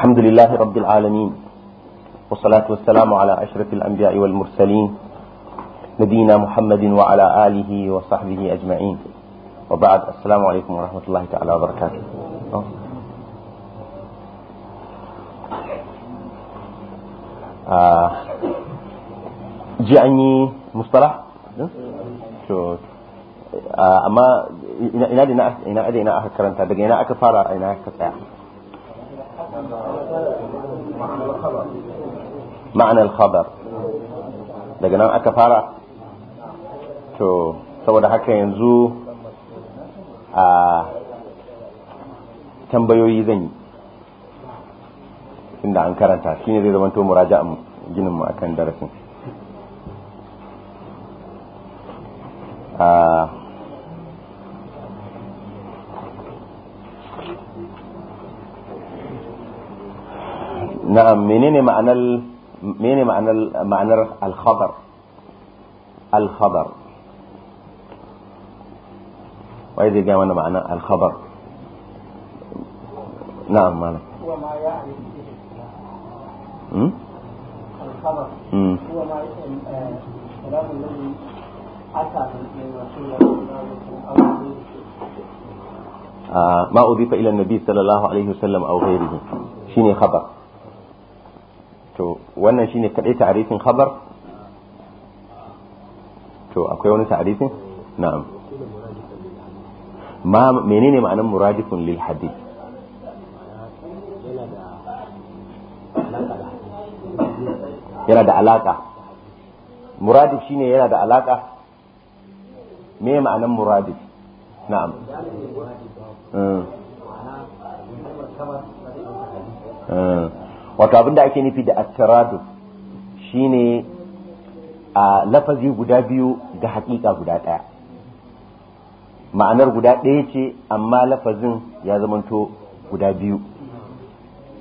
الحمد لله رب العالمين والصلاة والسلام على أشرف الأنبياء والمرسلين نبينا محمد وعلى آله وصحبه أجمعين وبعد السلام عليكم ورحمة الله تعالى وبركاته آه، جاءني مصطلح شو آه، أما ina da ina ina aka بقينا daga ina aka معنى الخبر daga nan aka fara to saboda haka yanzu a tambayoyi zan yi inda an karanta shi ne zai zamanto muraja'a ginin mu akan darasin na'am menene ma'anar مين معنى معنى الخبر الخبر وإذا جاء معنى الخبر نعم معنى وما يعني الخبر هو ما يعني آه، الكلام الذي آه، ما أضيف إلى النبي صلى الله عليه وسلم أو غيره شيني خبر to wannan shine kadai ta'arifin khabar to akwai wani ta'arifin na'am ma menene ma'anar muradifun lil hadith yana da alaka muradif shine yana da alaka me ma'anar muradif na'am eh, eh. wato abin da ake nufi da at shi shine a lafazi guda biyu ga hakika guda ɗaya ma'anar guda ɗaya ce amma lafazin ya zamanto guda biyu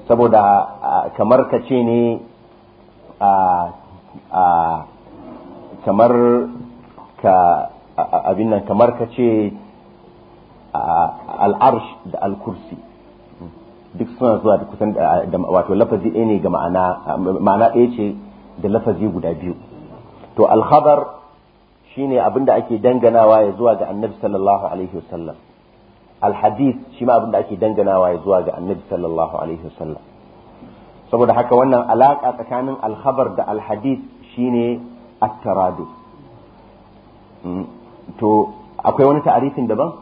saboda kamar ka ce ne a kamar ka abin nan kamar ka ce al'arsh da al-kursi duk suna zuwa da kusan da wato lafazi ɗaya ne ga ma'ana ma'ana ɗaya ce da lafazi guda biyu to alhabar shine abin da ake danganawa ya zuwa ga annabi sallallahu alaihi wasallam alhadith shi ma abin ake danganawa ya zuwa ga annabi sallallahu alaihi wasallam saboda haka wannan alaƙa tsakanin alhabar da alhadis shine at-taradu hmm. to akwai wani ta'arifin daban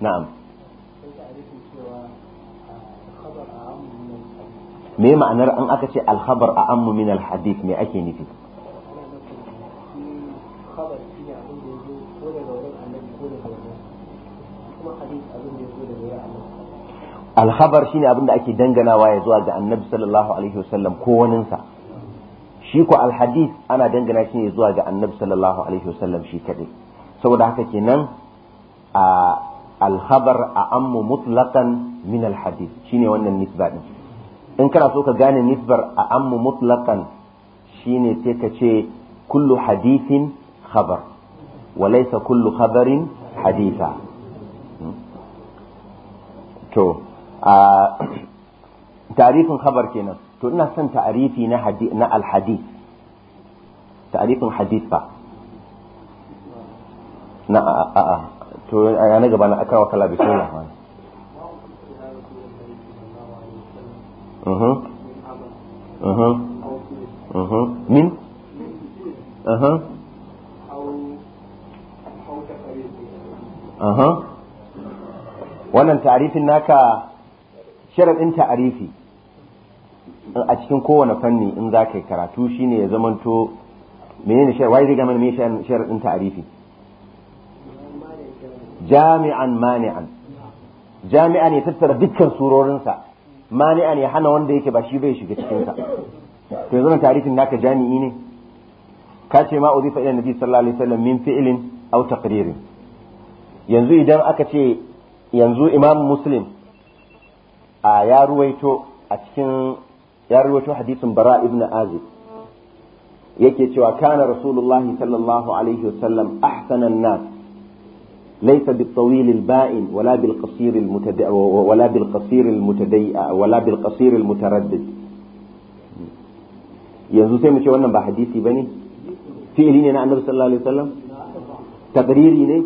na'am me ma'anar an aka ce alhabar a ammu min alhadith me ake nufi alhabar shine abin da ake danganawa ya zuwa ga annabi sallallahu alaihi wasallam ko waninsa shi ko alhadith ana dangana shi ne zuwa ga annabi sallallahu alaihi wasallam shi kadai saboda haka kenan a alhabar a ammu mutlaqan min alhadith shine wannan nisba din in kana so ka gane nisbar a ammu mutlaqan shine sai ka ce kullu hadithin khabar wa laysa kullu khabarin haditha to a tarifin khabar kenan to ina son ta'arifi na hadith na alhadith ta'arifin hadith ba na a a to ya na gaba na akawa kala bismillah أها أها أها من أها أها wannan ta'arifin naka shirin ɗin ta'arifi eh, a cikin kowane fanni in za ka yi karatu ne ya zamanto menene sharaɗin wai gama mana me sharaɗin ta'arifi jami'an mani'an jami'an ya tattara dukkan surorinsa mani'an ya hana wanda yake ba shi bai shiga cikin sa to yanzu tarihin naka jami'i ne ka ce ma uzifa ila nabi sallallahu alaihi wasallam min fi'lin aw taqririn yanzu idan aka ce yanzu imam muslim a ya ruwaito a cikin ya ruwaito hadisin bara ibn azib yake cewa kana rasulullahi sallallahu alaihi wasallam ahsanan nas ليس بالطويل البائن ولا بالقصير المتد... ولا بالقصير المتدي ولا بالقصير المتردد yanzu sai mu ce wannan ba hadisi bane fi'ili ne na annabi sallallahu alaihi wasallam taqriri ne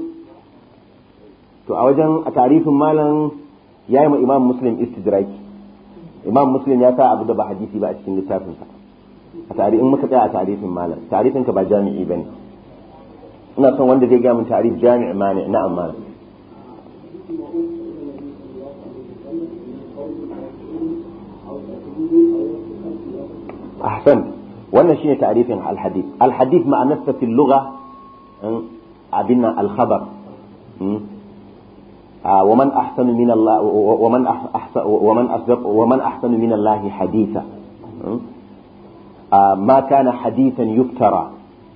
to a wajen a tarifin malam yayi ma imam muslim istidraki imam muslim ya sa abu da ba hadisi ba a cikin littafinsa a tarihin a malam ka ba jami'i bane ina son wanda zai gaya mun tarif jami' mani na'am mani ahsan wannan shine tarihin alhadith alhadith al-hadith ma'anarsa fil lugha abinna alkhabar khabar ومن أحسن من الله ومن أحسن ومن أصدق ومن أحسن من الله حديثا ما كان حديثا يفترى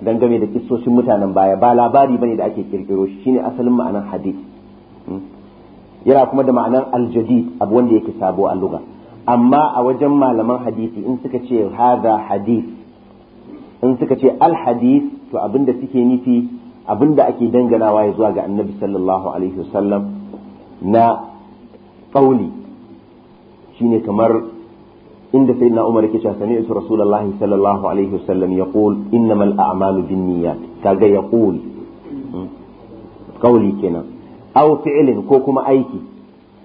dangane da kissoshin mutanen baya ba labari bane da ake kirkiro shi shine asalin ma'anar hadith hmm? yana kuma da ma'anar aljadid abu wanda yake sabo a lugha amma a wajen malaman hadisi in suka ce hadha hadith in suka ce al to abinda suke nufi abinda ake danganawa ya zuwa ga annabi sallallahu alaihi wasallam na qauli shine kamar inda sayyidina Umar yake cewa sami'tu Rasulullahi sallallahu alaihi wasallam yaqul innamal a'malu binniyat kaga yaqul hmm. kauli kenan aw fi'lin ko kuma aiki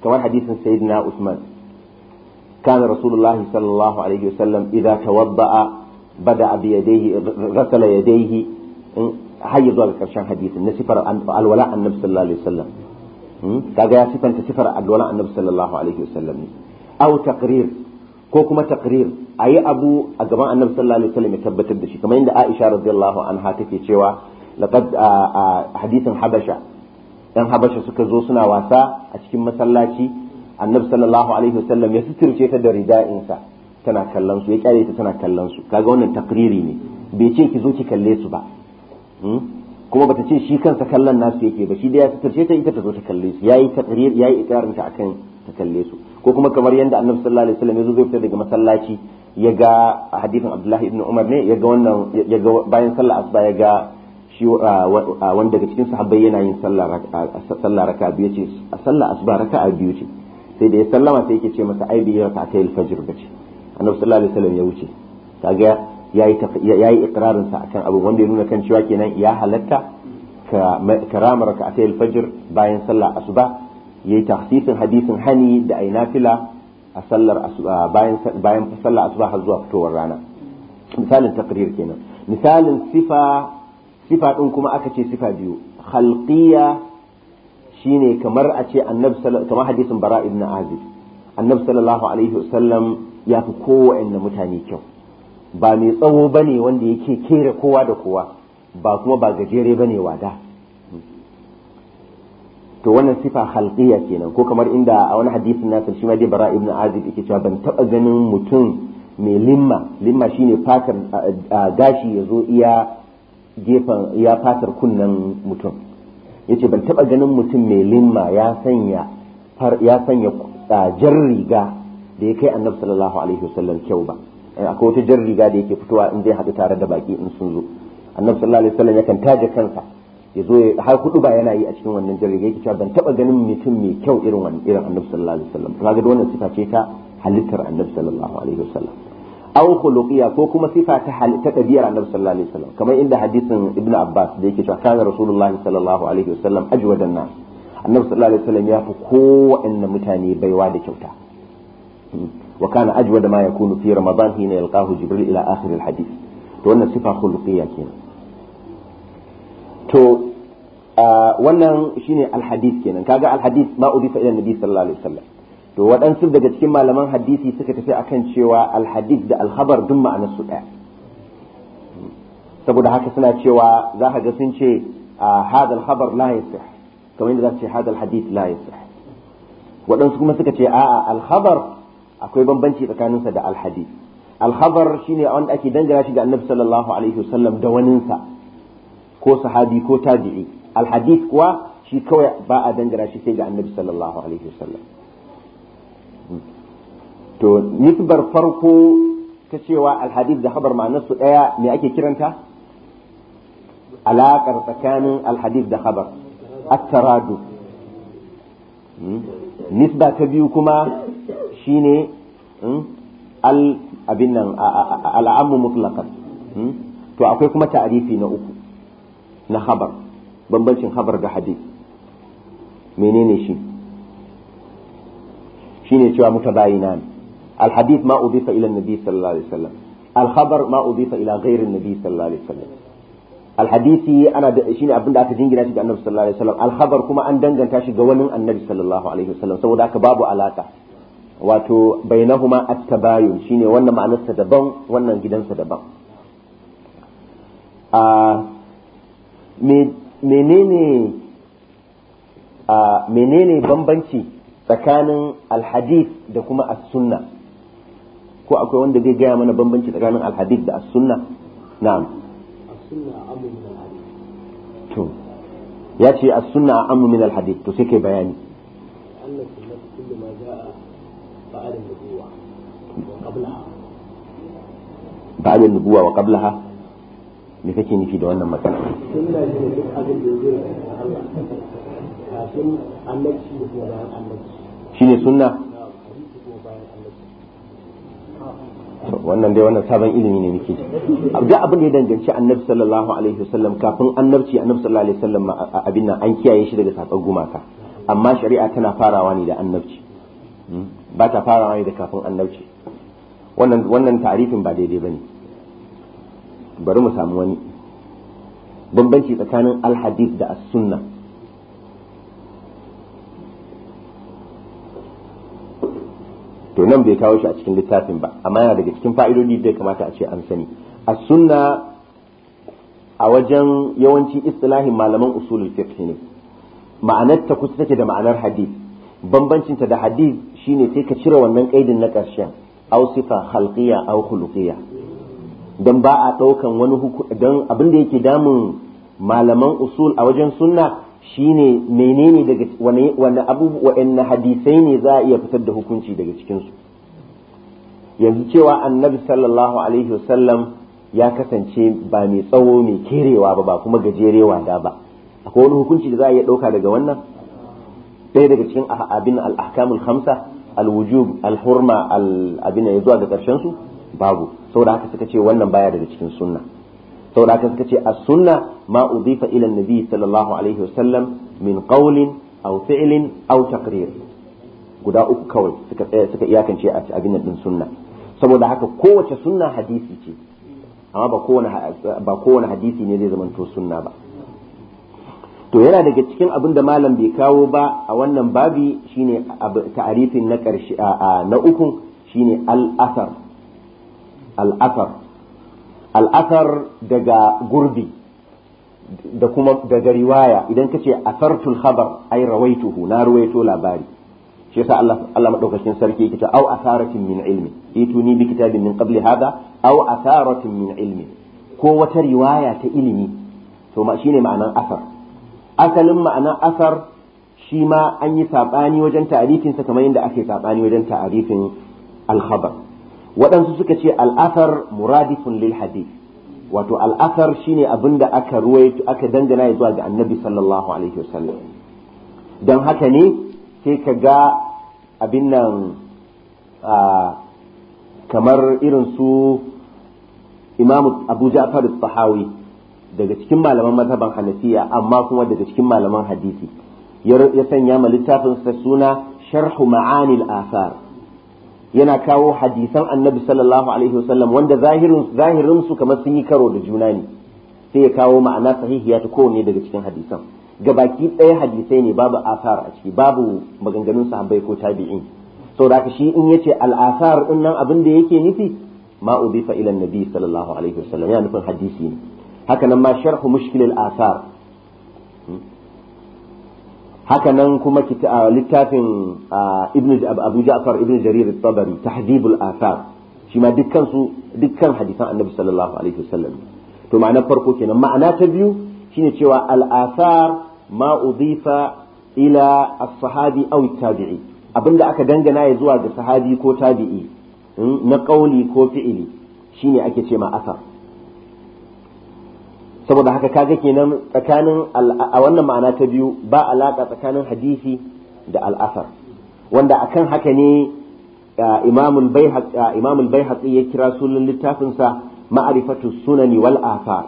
kamar hadisin sayyidina Usman كان رسول الله صلى الله عليه وسلم إذا توضأ بدأ بيديه غسل يديه هاي ذلك كرشان حديث نسفر الولاء النبي صلى الله عليه وسلم كاجا سفر سفر الولاء النبي صلى الله عليه وسلم أو تقرير ko kuma taqrir ayi abu a gaban annabi sallallahu alaihi wasallam ya tabbatar da shi kamar yadda Aisha radiyallahu anha take cewa laqad hadithin habasha yan habasha suka zo suna wasa a cikin masallaci annabi sallallahu alaihi wasallam ya suturce ta da sa tana kallon su ya kyale ta tana kallon su kaga wannan takriri ne bai ce ki zo ki kalle su ba hmm? kuma bata ce shi kansa kallon nasu yake ba shi da ya suturce ta ita ta zo ta kalle su yayi taqrir yayi ikrarin ta akan ta kalle su ko kuma kamar yadda annabi sallallahu alaihi wasallam yazo zai fita daga masallaci ya ga hadisin abdullahi ibn umar ne ya ga wannan ya ga bayan sallar asuba ya ga shi wanda daga cikin sahabbai yana yin sallar raka biyu ce a sallar asuba raka biyu ce sai da ya sallama sai yake ce masa ai biyu raka ta fajr ba annabi sallallahu alaihi wasallam ya wuce kaga yayi yayi ikrarin sa akan abu wanda ya nuna kan cewa kenan ya halatta ka karama raka ta fajr bayan sallar asuba yayi tahsisin hadisin hani da aina fila a sallar bayan bayan sallar asuba har zuwa fitowar rana misalin taqrir kenan misalin sifa sifa din kuma aka ce sifa biyu khalqiyya shine kamar a ce annabi kamar hadisin bara ibn azib annabi sallallahu alaihi wasallam ya fi kowanne mutane kyau ba mai tsawo bane wanda yake kere kowa da kowa ba kuma ba gajere bane wada to wannan sifa halqiya kenan ko kamar inda a wani hadisin nasa shi ma dai bara ibn azib yake cewa ban taba ganin mutum mai limma limma shine fatar gashi yazo iya gefen ya fatar kunnen mutum yace ban taba ganin mutum mai limma ya sanya ya sanya jar riga da ya kai annabi sallallahu alaihi wasallam kyau ba eh, akwai wata jar riga da yake fitowa in zai haɗu tare da baki in sun zo annabi sallallahu alaihi wasallam yakan taje kansa ya zo har kudu ba yana yi a cikin wannan jirgin yake cewa ban taba ganin mutum mai kyau irin wannan irin annabi sallallahu alaihi wasallam kaga da wannan sifa ce ta halittar annabi sallallahu alaihi wasallam aw khuluqiyya ko kuma sifa ta halitta tabiyar annabi sallallahu alaihi wasallam kamar inda hadisin ibnu abbas da yake cewa kana rasulullahi sallallahu alaihi wasallam ajwadan nas annabi sallallahu alaihi wasallam ya fi kowanne mutane baiwa da kyauta hmm. wa kana ajwada ma yakunu fi ramadan hina yalqahu jibril ila akhir alhadith to wannan sifa khuluqiyya kenan to wannan shine alhadis kenan kaga alhadis ma udifa ila nabi sallallahu alaihi wasallam to waɗansu daga cikin malaman hadisi suka tafi akan cewa alhadis da alhabar duk ma'anar su ɗaya saboda haka suna cewa za ka ga sun ce hadal khabar la yasih kamar yadda za ce hadal hadith la yasih waɗansu kuma suka ce a'a alhabar akwai bambanci tsakaninsa da alhadith alhabar shine wanda ake dangana shi ga annabi sallallahu alaihi wasallam da waninsa ko sahabi ko tabi'i alhadith kuwa shi kawai ba a dangara shi sai ga annabi sallallahu alaihi wasallam to nisbar farko ta cewa alhadith da khabar nasu daya me ake kiranta alaƙar tsakanin alhadith da khabar at-taradu hmm? nisba ta biyu kuma shine hmm? al abin nan al'ammu mutlaqan hmm? to akwai kuma ta'rifi na uku na habar bambancin habar da hadith menene shi shine cewa mutabayinan hadith ma udifa ila nabi sallallahu alaihi wasallam alhabar ma udifa ila ghairi nabi sallallahu alaihi wasallam alhadisi ana da shine abinda aka jingina shi ga annabi sallallahu alaihi wasallam khabar kuma an danganta shi ga wani annabi sallallahu alaihi wasallam saboda haka babu alaka wato bainahuma at-tabayun shine wannan ma'anarsa daban wannan gidansa daban a ah, menene a menene bambanci tsakanin alhadith da kuma as-sunna ko akwai wanda zai gaya mana bambanci tsakanin alhadith da as-sunna na'am to ya ce as-sunna ammu min alhadith to sai kai bayani بعد wa qablaha. me kake nufi da wannan magana sunna shi ne duk abin da yake da Allah kafin annabci da kuma bayan annabci shine sunna wannan dai wannan sabon ilimi ne nake ji duk abin da ya danganci annabi sallallahu alaihi wasallam kafin annabci annabi sallallahu alaihi wasallam abin nan an kiyaye shi daga sakon gumaka amma shari'a tana farawa ne da annabci hmm? ba ta farawa ne da kafin annabci wannan wannan tarifin ba daidai bane bari mu samu wani bambanci tsakanin alhadis da as-sunna to nan bai kawo shi a cikin littafin ba amma yana daga cikin fa'idodi da kamata a ce an sani as-sunna a wajen yawanci istilahin malaman usulul fiqh ne ma'anar ta kusa take da ma'anar hadis bambancin da hadis shine sai ka cire wannan kaidin na ƙarshen aw sifa khalqiyya aw khuluqiyya don ba a ɗaukan wani don abin da yake damun malaman usul a wajen sunna shine menene daga wani abubuwa hadisai ne za a iya fitar da hukunci daga cikinsu yanzu cewa annabi sallallahu alaihi wasallam ya kasance ba mai tsawo mai kerewa ba ba kuma gajerewa da ba akwai wani hukunci da za a iya ɗauka daga wannan ɗaya daga cikin abin al hamsa hamsa al-wujub al-hurma al-abin ya zuwa ga ƙarshen su babu saboda haka suka ce wannan baya daga cikin sunna saboda haka suka ce as-sunna ma udifa ila nabi sallallahu alaihi wasallam min qawlin aw fi'lin aw taqrir guda uku kawai suka suka iyakance a abin din sunna saboda haka kowace sunna hadisi ce amma ba kowane ba kowane hadisi ne zai zamanto sunna ba to yana daga cikin abin da malam bai kawo ba a wannan babi shine ta'arifin na karshe na uku shine al-asar al'asar al'asar daga gurbi da kuma daga riwaya idan ka ce asartul khabar ai rawaituhu na rawaito labari shi yasa Allah Allah madaukakin sarki yake ta au asaratin min ilmi ituni bi kitabin min qabli hada au asaratin min ilmi ko wata riwaya ta ilimi to ma shine ma'anan asar asalin ma'anan asar shi ma an yi saɓani wajen ta'arifinsa kamar yadda ake saɓani wajen ta'arifin alkhabar waɗansu suka ce al'athar muradifun lil hadith wato al'athar shine abin da aka ruwaito aka dangana ya zuwa ga annabi sallallahu alaihi wasallam don haka ne sai ka ga abin nan kamar irin su imamu abu ja'far sahawi daga cikin malaman mazhaban hanafiya amma kuma daga cikin malaman hadisi ya sanya ma littafin sa suna sharhu ma'anil athar yana kawo hadisan annabi sallallahu alaihi wasallam wanda zahirin su kamar sun yi karo da juna ne sai ya kawo ma'ana sahihiya ta kowanne daga cikin hadisan gabaki ɗaya hadisai ne babu asar a ciki babu maganganun sahabbai ko tabi'in saboda haka shi in yace al-asar din nan abin da yake nufi ma udifa ila nabi sallallahu alaihi wasallam yana nufin hadisi ne haka nan ma sharhu mushkil al-asar hmm? haka nan kuma littafin abu ja'far ibn jarir tabari tahdibul athar shi ma dukkan su dukkan hadisan annabi sallallahu alaihi wasallam to ma'ana farko kenan ma'ana ta biyu shine cewa al athar ma udifa ila as-sahabi aw tabi'i abinda aka dangana ya zuwa ga sahabi ko tabi'i hmm, na kauli ko fi'ili shine ake ce ma athar saboda haka kaga kenan tsakanin a wannan ma'ana ta biyu ba alaka tsakanin hadisi da al'asar wanda a kan haka ne imamul baihaqi ya kira sunan littafinsa ma'arifatu sunani wal athar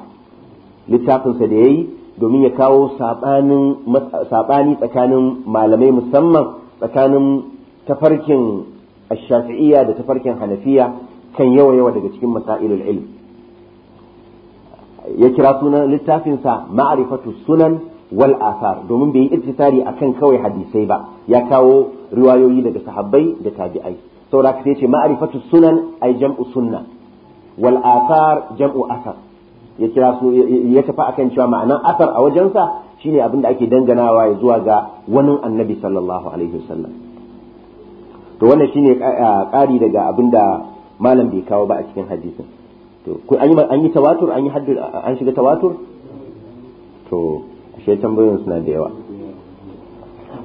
littafinsa da yayi domin ya kawo saɓani tsakanin malamai musamman tsakanin tafarkin shafi'iyya da tafarkin hanafiya kan yawa yawa daga cikin masailul ilm ya kira sunan littafinsa ma'rifatu sunan wal asar domin bai yi ittisari akan kawai hadisai ba ya kawo riwayoyi daga sahabbai da tabi'ai saboda sai ce ma'rifatu sunan ay jam'u sunna wal asar jam'u asar ya kira su ya tafi akan cewa ma'anan asar a wajensa shine abin da ake danganawa ya zuwa ga wani annabi sallallahu alaihi wasallam to wannan shine ƙari daga abin da malam bai kawo ba a cikin hadisin to an yi tawatur an yi haddir an shiga tawatur to ashe tambayoyin suna da yawa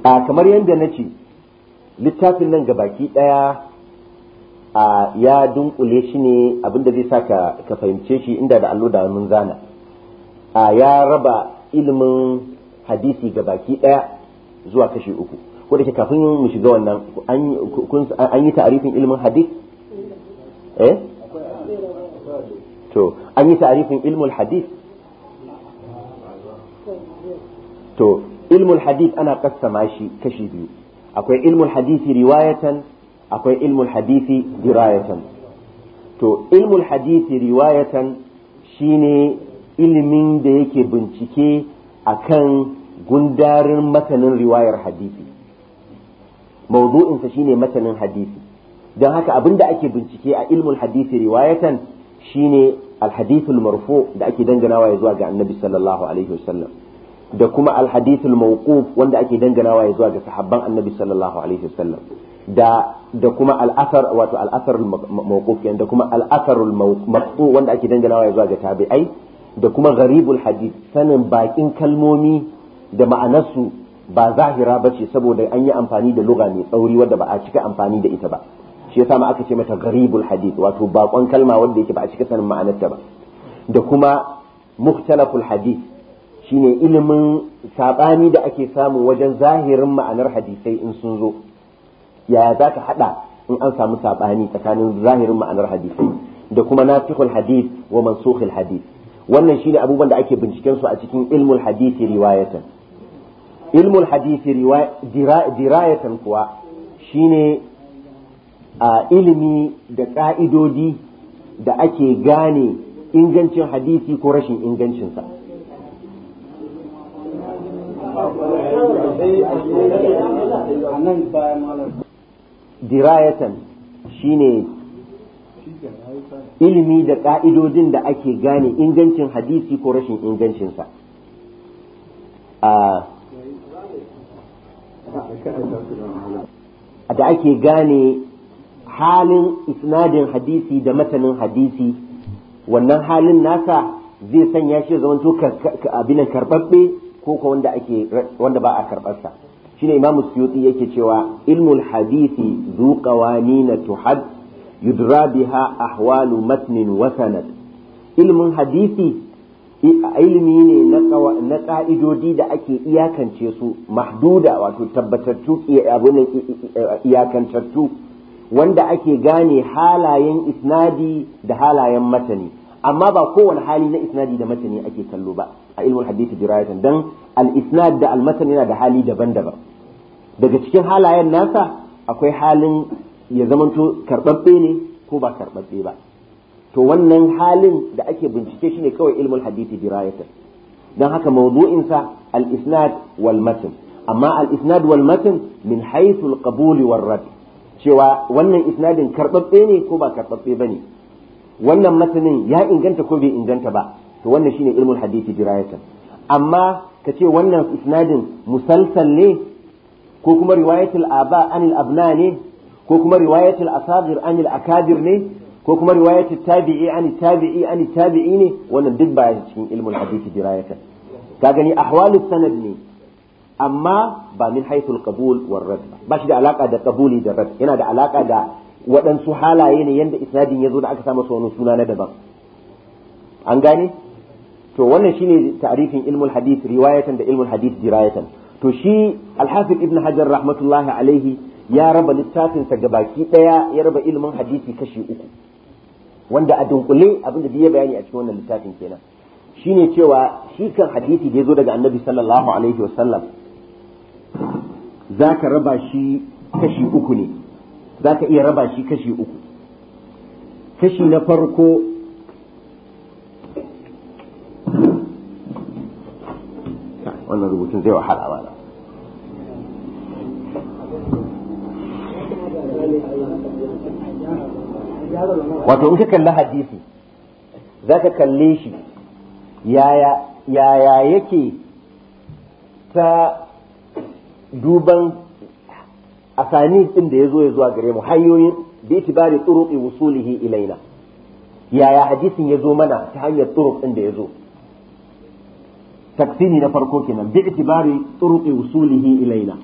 a kamar yadda na ce littafin nan ga baki daya a ya dunkule shi ne abinda zai sa ka fahimce shi inda da allo da mun zana a ya raba ilimin hadisi ga baki daya zuwa kashi uku ko da ke kafin mu shiga wannan an yi ta'arifin ilimin hadis eh to an yi tarifin ilmul hadith to ilmul hadith ana kassama shi kashi biyu akwai ilmul hadisi riwayatan akwai ilmul hadisi dirayatan to ilmul hadisi riwayatan shine ilimin da yake bincike akan gundarin matanin riwayar hadisi mawdu'insa shine matanin hadisi don haka abinda ake bincike a ilmul hadisi riwayatan shine alhadithul marfu da ake danganawa ya zuwa ga annabi sallallahu alaihi wasallam da kuma alhadithul mawquf wanda ake danganawa ya zuwa ga sahabban annabi sallallahu alaihi wasallam da da kuma al'athar wato al'athar mawquf da kuma al'atharul maqtu wanda ake danganawa ya zuwa ga tabi'ai da kuma gharibul hadith sanin bakin kalmomi da ma'anarsu ba zahira bace saboda an yi amfani da lugha mai tsauri wadda ba a cika amfani da ita ba shi yasa ma aka ce mata gharibul hadith wato bakon kalma wanda yake ba a cika sanin ma'anarta ba da kuma mukhtalaful hadith shine ilimin sabani da ake samu wajen zahirin ma'anar hadisai in sun zo yaya ka hada in an samu sabani tsakanin zahirin ma'anar hadisai da kuma nasikul hadith wa mansukhul hadith wannan shine abubuwan da ake binciken su a cikin ilmul hadisi riwayatan ilmul hadisi dirayatan kuwa shine a ilimi da ƙa'idodi da ake gane ingancin hadisi ko rashin ingancinsa dirayatan shine ilimi da ƙa'idodin da ake gane ingancin hadisi ko rashin ingancinsa da ake gane halin isnadin hadisi da matanin hadisi wannan halin nasa zai sanya shi zaman to abinan karbabbe ko ko wanda ake wanda ba a karbarsa shine imam suyuti yake cewa ilmul hadisi zu qawanina tuhad yudra biha ahwalu matnin wa sanad ilmin hadisi ilmi ne na na ka'idodi da ake iyakance su mahduda wato tabbatattu abunan iyakantattu wanda ake gane halayen isnadi da halayen matani amma ba kowane hali na isnadi da matani ake kallo ba a ilmul hadisi dirayatan dan al isnad da al matani yana da hali daban-daban daga cikin halayen nasa akwai halin ya zamanto karbabbe ne ko ba karbabbe ba to wannan halin da ake bincike shine kawai ilmul hadisi dirayatan dan haka mawdu'in sa al isnad wal matn amma al isnad wal min haythu al qabul rad cewa wannan isnadin karɓaɓɓe ne ko ba karɓaɓɓe ba ne wannan matanin ya inganta ko bai inganta ba to wannan shine ilmul hadisi dirayatan amma ka ce wannan isnadin musalsal ne ko kuma riwayatul aba anil abna ne ko kuma riwayatul Asabir anil Akabir ne ko kuma riwayatul tabi'i anil tabi'i anil tabi'i ne wannan duk ba cikin ilmul hadisi dirayatan ka gani ahwalus sanad ne amma ba min haithul qabul war rad ba shi da alaka da qabuli da rad yana da alaka da waɗansu halaye ne yanda isnadin yazo da aka samu masa wani suna na daban an gane to wannan shine ta'rifin ilmul hadith riwayatan da ilmul hadith dirayatan to shi al-hafiz ibn hajar rahmatullahi alaihi ya raba littafin sa gabaki daya ya raba ilmin hadisi kashi uku wanda a dunkule abinda da ya bayani a cikin wannan littafin kenan shine cewa shi kan hadisi da yazo daga annabi sallallahu alaihi wasallam za ka raba shi kashi uku ne za ka iya raba shi kashi uku kashi na farko wannan rubutun zai wahala wala wato in ka kalli hadisi za ka kalle shi yaya yake ta duban asani din da yazo ya zuwa gare mu hanyoyin bi itibari turuqi wusulihi ilaina yaya hadisin yazo mana ta hanyar turuq din da yazo taksimi na farko kenan bi itibari turuqi wusulihi ilaina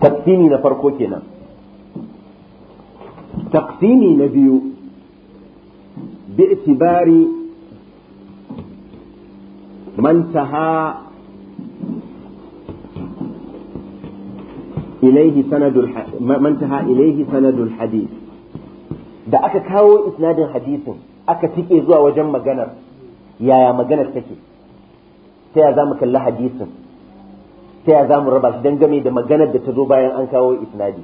taksimi na farko kenan taksimi na biyu bi itibari man taha ilaihi sanadul man taha ilaihi sanadul da aka kawo isnadin hadisin aka tike zuwa wajen maganar yaya maganar take ta ya za mu kalli hadisin ta ya za mu raba shi game da maganar da ta zo bayan an kawo isnadi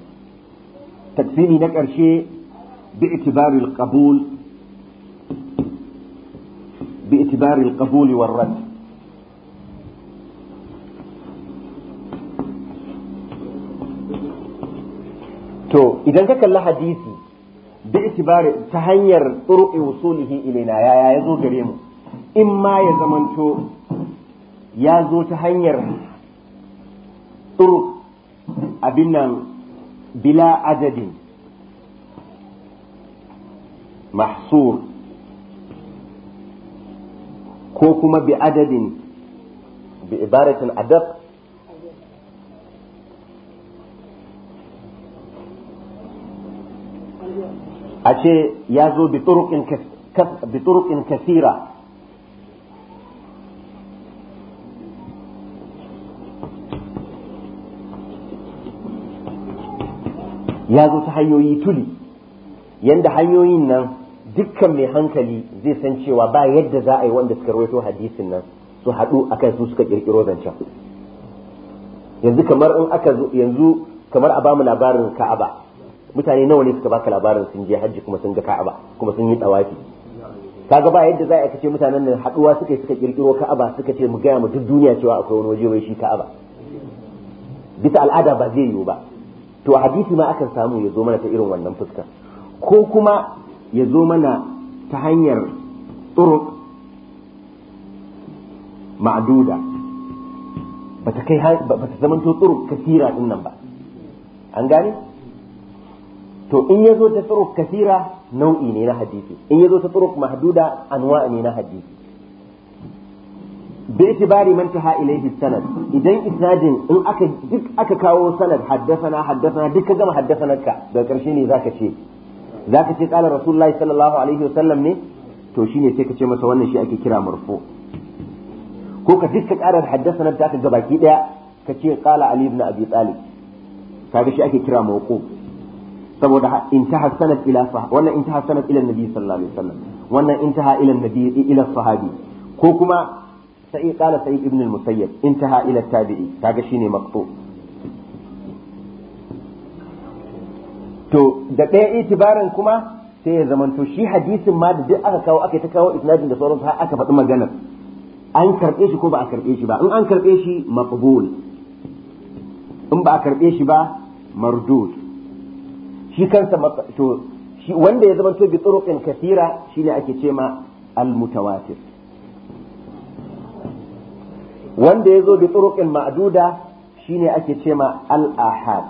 taksimi na ƙarshe bi itibaril qabul bi itibaril qabul war rad to idan ka kalli hadisi bi itibari ta hanyar turu'i wusulihi ilaina yaya ya zo gare mu in ma ya zamanto ya zo ta hanyar turu abin nan bila adadin mahsur ko kuma bi adadin bi ibaratin adab a ce ya zo biturukin kasira ya zo ta hanyoyi tuli yadda hanyoyin nan dukkan mai hankali zai san cewa ba yadda za a yi wanda suka rawaito hadisin nan su haɗu akan su suka ƙirƙiro zancen yanzu kamar in aka yanzu kamar a bamu labarin ka'aba mutane nawa ne suka baka labarin sun je hajji kuma sun ga ka'aba kuma sun yi tawafi kaga ba yadda za a kace mutanen nan haduwa suka suka kirkiro ka'aba suka ce mu gaya mu duk duniya cewa akwai wani waje mai shi ka'aba bisa al'ada ba zai yiwu ba to hadisi ma akan samu ya zo mana ta irin wannan fuska ko kuma ya zo mana ta hanyar turuq ma'duda ta kai bata zamanto turuq kasira din nan ba an gane to in yazo ta turuq kathira nau'i ne na hadisi in yazo ta turuq mahduda anwa ne na hadisi bi itibari man taha ilayhi sanad idan isnadin in aka duk aka kawo sanad haddathana haddathana duk ka gama ka da karshe ne zaka ce zaka ce qala rasulullahi sallallahu alaihi wasallam ne to shine sai ka ce masa wannan shi ake kira marfu ko ka duk ka karar haddathana ta ka gabaki daya ka ce qala ali ibn abi talib kaga shi ake kira mawquf saboda intaha sanad ila sah wannan intaha sanad ila nabi sallallahu alaihi wasallam wannan intaha ila nabi ila sahabi ko kuma sai qala sa'id ibn al-musayyib intaha ila tabi'i kaga shine maqtu to da ɗaya itibaran kuma sai ya zamanto shi hadisin ma da duk aka kawo aka ta kawo isnadin da sauransu har aka faɗi maganar an karɓe shi ko ba a karɓe shi ba in an karɓe shi maqbul in ba a karɓe shi ba mardud shi kansa to shi wanda ya zama bi turuqin kathira shine ake ce ma al mutawatir wanda ya zo bi turuqin ma'duda shine ake ce ma al ahad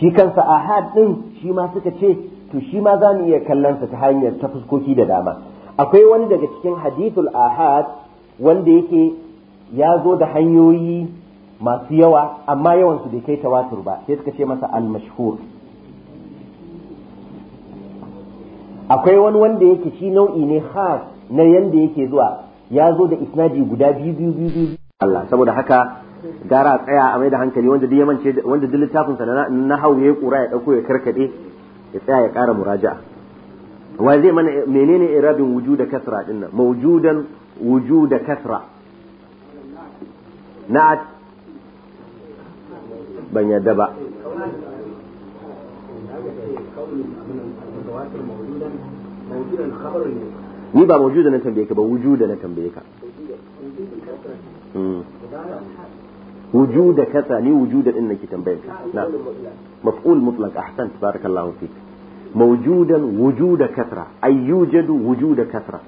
shi kansa ahad din shi ma suka ce to shi ma za iya kallon ta hanyar ta fuskoki da dama akwai wani daga cikin hadithul ahad wanda yake ya zo da hanyoyi masu yawa amma su bai kai tawatur ba sai suka ce masa al-mashhur akwai wani wanda yake shi nau'i ne khas na yanda yake zuwa ya zo da isnadi guda biyu biyu biyu biyu Allah saboda haka gara a tsaya a mai da hankali wanda duk yamance wanda duk littafin sa na hawo ya kura ya dauko ya karkade ya tsaya ya kara muraja wa zai mana menene irabin wujuda kasra din mawjudan wujuda kasra na'at ban yadda ba ni ba mawujuda na tambaye ka ba wujuda na tambaye ka hmm. wujuda kasa ni wujuda din nake tambayar ka na maf'ul mutlaq ahsan tabarakallahu fik mawjudan wujuda kasra ay yujadu wujuda kasra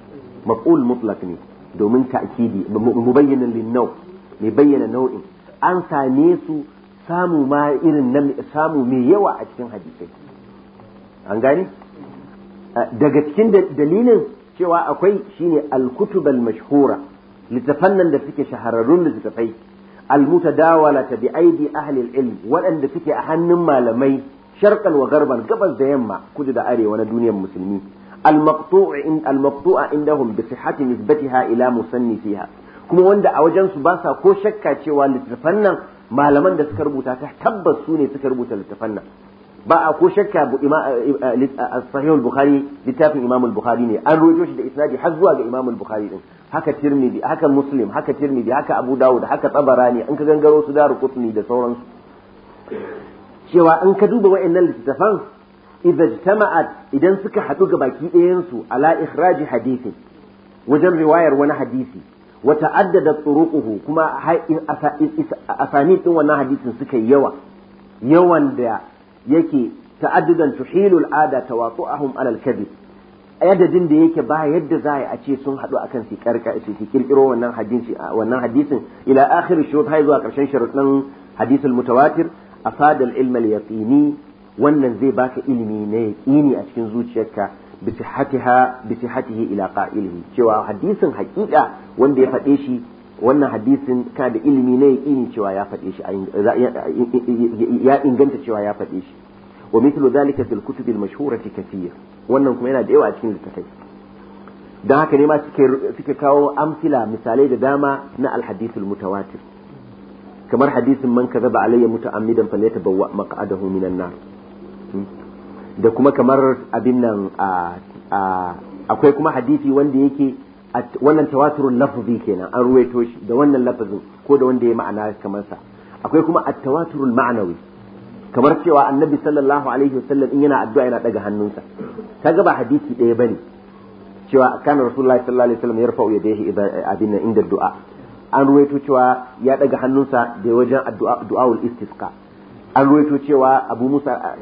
maf'ul mutlaq ni domin ta'kidi mubayyinan lin nau ni bayyana nau'in an same su samu ma irin na samu mai yawa a cikin hadisai an gani daga cikin dalilin cewa akwai shine al-kutub mashhura littafan nan da suke shahararrun littafai al-mutadawala ta bi aidi ahli al-ilm waɗanda suke a hannun malamai sharqan wa garban gabas da yamma kudu da arewa na duniyar musulmi al-maqtu'a in al-maqtu'a indahum bi sihhati nisbatiha ila musannifiha kuma wanda a wajen su ba sa ko shakka cewa littafan nan malaman da suka rubuta ta tabbas su ne suka rubuta littafan nan ba a ko shakka eh, eh, eh, sahihul bukhari littafin imamul bukhari ne an rojo shi da isnadi har zuwa ga imamul bukhari din haka tirmidhi haka muslim haka tirmidhi haka abu dawud haka tabarani an ka gangaro su daru qutni da sauransu cewa an ka duba wa'annan littafan idza idan suka hadu ga baki ɗayan su ala ikhraji hadisi wajen riwayar wani hadisi wa ta'addada turuquhu kuma asanid din wannan hadisin suka yawa yawan da yake ta'addudan tuhilul ada tawatu'ahum alal kadhib adadin da yake ba yadda za a ce sun haɗu akan su karka su kirkiro wannan hadisi ila akhir shurut har zuwa karshen sharuɗin hadisul mutawatir a al ilmal al yaqini wannan zai baka ilimi na yaqini a cikin zuciyarka bisihatiha bisihatihi ila qa'ilihi cewa hadisin haƙiƙa wanda ya faɗe wannan hadisin ka da ilimi na yaqini ya faɗe shi ya inganta cewa ya faɗe shi wa mithlu dhalika fil kutub al mashhurati kathir wannan kuma yana da yawa a cikin littafai dan haka ne ma suke suke kawo amsila misalai da dama na al hadithul mutawatir kamar hadisin man kazaba alayya muta'ammidan falyatabawwa maq'adahu minan nar da kuma kamar abin nan akwai kuma hadisi wanda yake wannan tawaturun lafzi kenan an ruwaito shi da wannan lafazin ko da wanda ya ma'ana kamar sa akwai kuma at-tawaturul ma'nawi kamar cewa annabi sallallahu alaihi wasallam in yana addu'a yana daga hannunsa kaga ba hadisi ɗaya bane cewa kana rasulullahi sallallahu alaihi wasallam yarfa'u yadayhi idza abin inda du'a an ruwaito cewa ya daga hannunsa da wajen addu'a du'aul istisqa an ruwaito cewa abu musa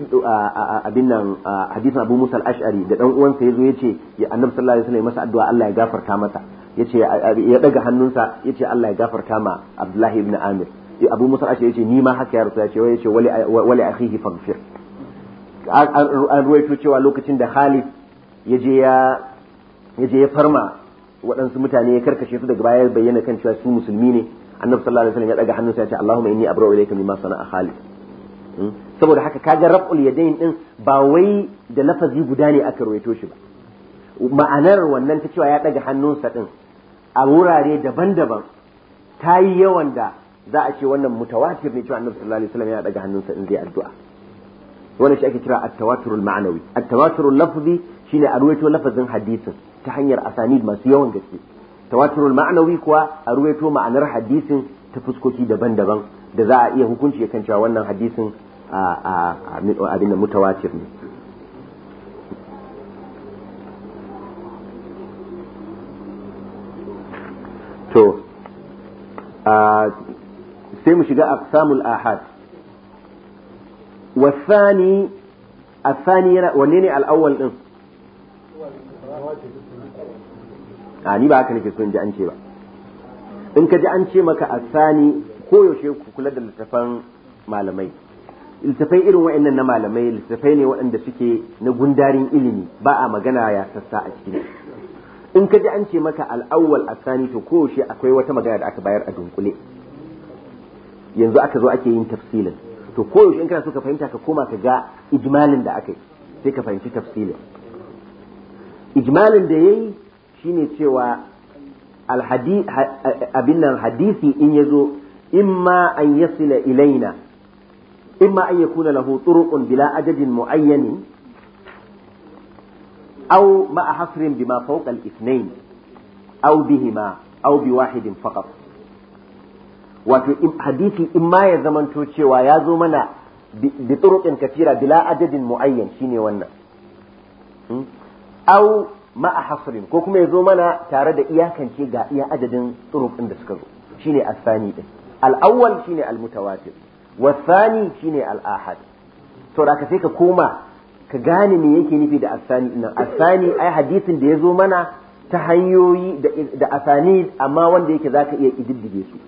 abin nan hadisin abu musa al-ash'ari da dan uwansa yazo yace ya annabi sallallahu alaihi wasallam masa addu'a Allah ya gafarta masa yace ya daga hannunsa yace Allah ya gafarta ma Abdullahi ibn Amir abu musa al-ash'ari yace ni ma haka ya rasu yace wai yace wali wali akhihi faghfir an ruwaito cewa lokacin da Khalid yaje ya yaje ya farma waɗansu mutane ya karkashe su daga baya bayyana kan cewa su musulmi ne annabi sallallahu alaihi wasallam ya daga hannunsa ya ce Allahumma inni abra'u ilayka mimma sana'a Khalid Hmm? saboda haka ka kaga raf'ul yadayn din ba wai da lafazi guda ne aka ruwaito shi ba ma'anar wannan ta cewa ya daga hannunsa din a wurare daban-daban ta yi yawan da za a ce wannan mutawatir ne cewa annabi sallallahu alaihi wasallam ya daga hannunsa in zai addu'a wannan shi ake kira at-tawaturul ma'nawi at-tawaturul lafzi shine a ruwaito lafazin hadisin ta hanyar asanid masu yawan gaske tawaturul ma'nawi kuwa a ruwaito ma'anar hadisin ta fuskoki daban-daban da za a iya hukunci kan cewa wannan hadisin abin da mutawatir ne to sai mu shiga a samun ahad yana, wane ne الأول ɗin a ni ba haka nake so in ji an ce ba in ka ji an ce maka a sani, koyaushe ku kula da littafan malamai littafai irin wa'annan na malamai littafai ne waɗanda suke na gundarin ilimi ba a magana ya sassa a cikin in ka ji an ce maka al'awwal Sani to ko shi akwai wata magana da aka bayar a dunkule yanzu aka zo ake yin tafsilin to ko yaushe in kana so ka fahimta ka koma ka ga ijmalin da aka yi sai ka fahimci tafsilin ijmalin da yayi shine cewa abin nan hadisi in yazo imma an yasila ilaina imma an yakuna lahu turuqun bila adadin mu'ayyanin aw ma'a hasrin bima fawqa al-ithnayn aw bihima aw bi wahidin faqat wato hadisi in ma ya zamanto cewa ya zo mana bi turuqin katira bila adadin mu'ayyan shine wannan aw ma'a hasrin ko kuma ya zo mana tare da iyakance ga iya adadin da suka zo shine asani din al shine al-mutawatir wasani shi ne ahad to da ka sai ka koma ka gane me yake nufi da asani nan asani ai hadisin da ya zo mana ta hanyoyi da asani amma wanda yake za ka iya kididdige su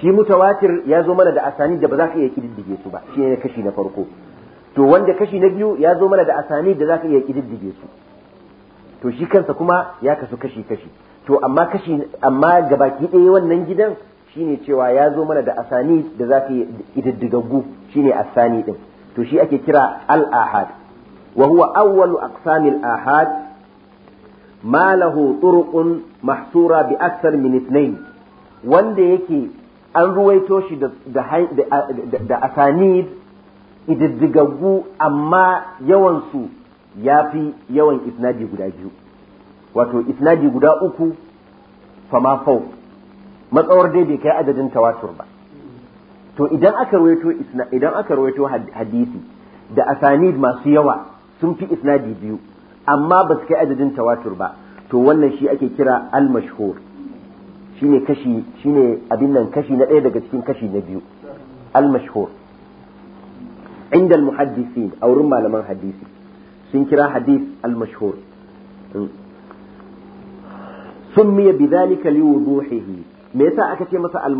shi mutawatir ya zo mana da asani da ba za ka iya kididdige su ba shi ne kashi na farko to wanda kashi na biyu ya zo mana da asani da za ka iya kididdige su to shi kansa kuma ya kasu kashi kashi to amma kashi amma gabaki ɗaya wannan gidan shine cewa ya zo mana da asani da za yi ididdigaggu shine asani din to shi ake kira al-ahad wa huwa awwalu aqsamil ahad ma lahu turuqun mahsura bi akthar min ithnain wanda yake an ruwaito shi da asani ididdigaggu amma yawan su yafi yawan isnadi guda biyu wato isnadi guda uku fama fawq matsawar dai bai kai adadin tawatur ba to idan aka rawaito idan aka rawaito hadisi da asanid masu yawa sun fi isnadi biyu amma ba su kai adadin tawatur ba to wannan shi ake kira al-mashhur shine kashi shine abin nan kashi na ɗaya daga cikin kashi na biyu al-mashhur عند المحدثين أو رمى لمن حديثي سنكرا حديث المشهور سمي بذلك لوضوحه me yasa aka ce masa al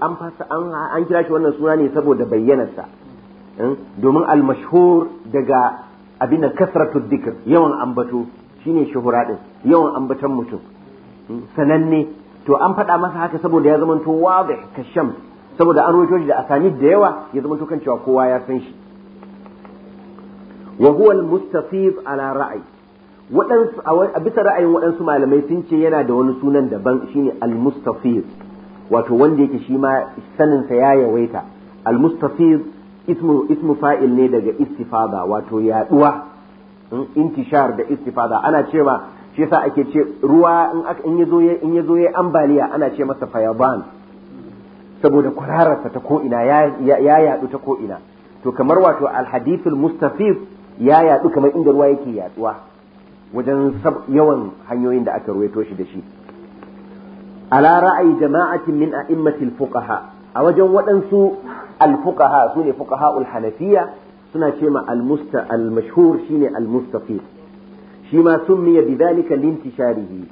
an fasa an kira shi wannan suna ne saboda bayyanarsa hmm? domin al daga abin kasratu dhikr yawan ambato shine shuhura din yawan ambatan mutum hmm? sananne to an faɗa masa haka saboda ya zama to wadih kasham saboda an roƙo shi da asani da yawa ya zama to kan cewa kowa ya san shi wa huwa al ala ra'ayi. waɗansu a bisa ra'ayin waɗansu malamai sun ce yana da wani sunan daban shine al-mustafiz wato wanda yake shi ma saninsa ya yawaita al-mustafiz ismu ismu fa'il ne daga istifada wato yaduwa intishar da istifada ana cewa shi yasa ake ce ruwa in yazo in yazo yayi ambaliya ana ce masa fayaban saboda kwararsa ta ko ina ya yadu ta ko ina to kamar wato al-hadithul mustafiz ya yadu kamar inda ruwa yake yaduwa wajen yawan hanyoyin da aka ruwaito shi da shi ala ra'ayi jama'atin min a'immatil fuqaha a wajen waɗansu al-fuqaha sune fuqaha al-hanafiyya suna ce ma al-musta al-mashhur shine al-mustafid shi ma summiya bidhalika lintisharihi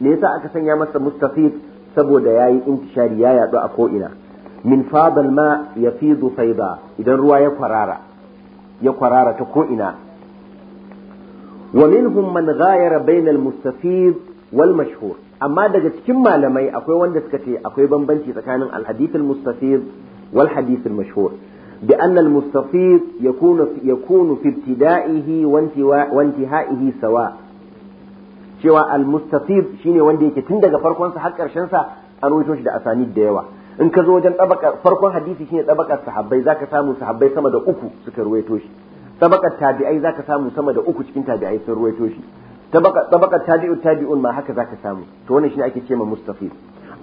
me yasa aka sanya masa mustafid saboda yayi intishari ya yadu a ko ina min fadal ma yafidu fayda idan ruwa ya kwarara ya kwarara ta ko ina ومنهم من غاير بين المستفيد والمشهور amma daga cikin malamai akwai wanda suka ce akwai bambanci tsakanin alhadith almustafid wal hadith almashhur bi anna almustafid yakunu yakunu fi ibtida'ihi wa intihaihi sawa cewa almustafid shine wanda yake tun daga farkon sa har karshen sa an ruwaito shi da asanid da yawa in ka zo wajen tabaka farkon hadisi shine tabakar sahabbai zaka samu sahabbai sama da uku suka ruwaito shi tabakar tabi'ai ka samu sama da uku cikin tabi'ai sun ruwaito shi tabakar tabi'u tabi'un ma haka ka samu to wannan ne ake cema mustafid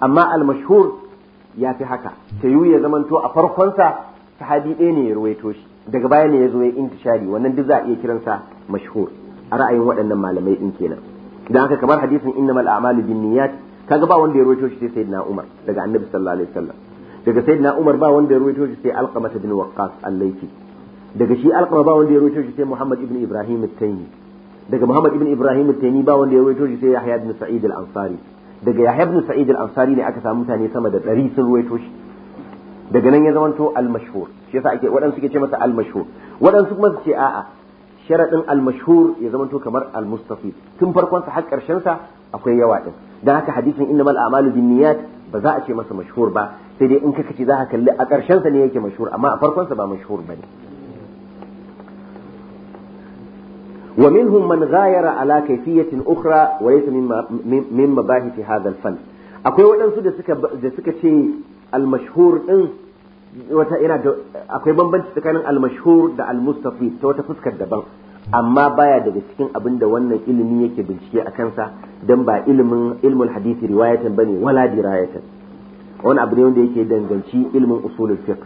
amma al-mashhur ya fi haka tayu ya zamanto a farkon sa sahabi ɗaya ne ya ruwaito shi daga baya ne ya zo ya intishari wannan duk za a iya kiransa mashhur a ra'ayin waɗannan malamai in kenan dan haka kamar hadisin innamal a'malu binniyat kaga ba wanda ya ruwaito shi sai sayyidina Umar daga annabi sallallahu alaihi wasallam daga sayyidina Umar ba wanda ya ruwaito shi sai alqamata bin waqqas al-laythi daga shi alqama ba wanda ya rawaito shi sai muhammad ibn ibrahim at-taymi daga muhammad ibn ibrahim at-taymi ba wanda ya rawaito shi sai yahya ibn sa'id al-ansari daga yahya ibn sa'id al-ansari ne aka samu mutane sama da 100 sun rawaito shi daga nan ya zamanto al-mashhur shi yasa ake waɗansu suke ce masa al-mashhur waɗansu kuma su ce a'a sharadin al-mashhur ya zamanto kamar al-mustafid tun farkon sa har karshen sa akwai yawa din dan haka hadisin innamal a'malu binniyat ba za a ce masa mashhur ba sai dai in ka kace za ka kalli a karshen sa ne yake mashhur amma a farkon sa ba mashhur bane ومنهم من غاير على كيفية أخرى وليس من مباحث هذا الفن akwai waɗansu da suka ce almashhur ɗin wata da akwai bambanci tsakanin almashhur da almustafi ta wata fuskar daban amma baya daga cikin abinda wannan ilimi yake bincike a kansa don ba ilimin ilmul hadisi riwayatan bane wala dirayatan wani abu ne wanda yake danganci ilimin usulul fiqh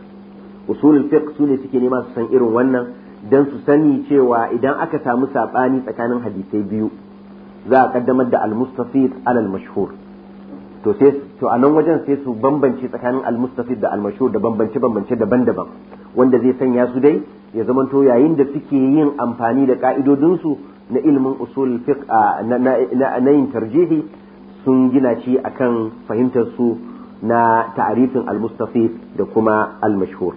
usulul fiqh su ne suke nema san irin wannan don su sani cewa idan aka samu saɓani tsakanin hadisai biyu za a kaddamar da al-mustafid alal mashhur to a nan wajen sai su bambance tsakanin al-mustafid da al-mashhur da bambance bambance daban-daban wanda zai sanya su dai ya zamanto yayin da suke yin amfani da ka'idodin su na ilimin usul fiqh na yin tarjihi sun gina shi akan fahimtar su na ta'arifin al-mustafid da kuma al-mashhur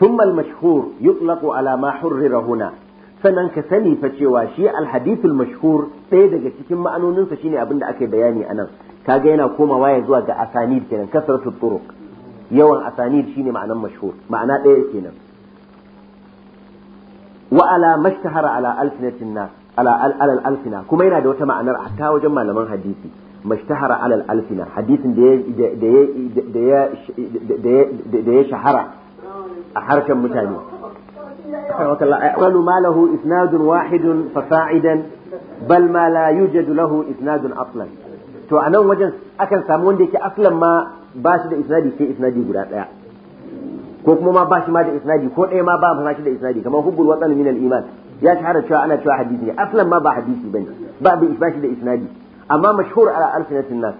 ثم المشهور يطلق على ما حرر هنا sannan ka sani fa cewa shi alhadithul mashhur ɗaya daga cikin sa shine abin da aka bayani anan kaga yana komawa ya zuwa ga asanid kenan kasratu turuq yawan asanid shine ma'anan mashhur ma'ana ɗaya kenan wa ala mashtahara ala alsinatin nas ala al alsina kuma yana da wata ma'anar hatta wajen malaman hadisi mashtahara alal alfina hadisin da ya shahara a harshen mutane wani ma lahu isnadun wahidun fasa'idan bal ma la yujadu lahu isnadun aslan to a nan wajen akan samu wanda yake aslan ma ba shi da isnadi sai isnadi guda daya ko kuma ma ba shi ma da isnadi ko ɗaya ma ba ba shi da isnadi kamar hubbul watsan min al iman ya shahara cewa ana cewa hadisi ne aslan ma ba hadisi bane ba bi ba shi da isnadi amma mashhur ala alsinatin nas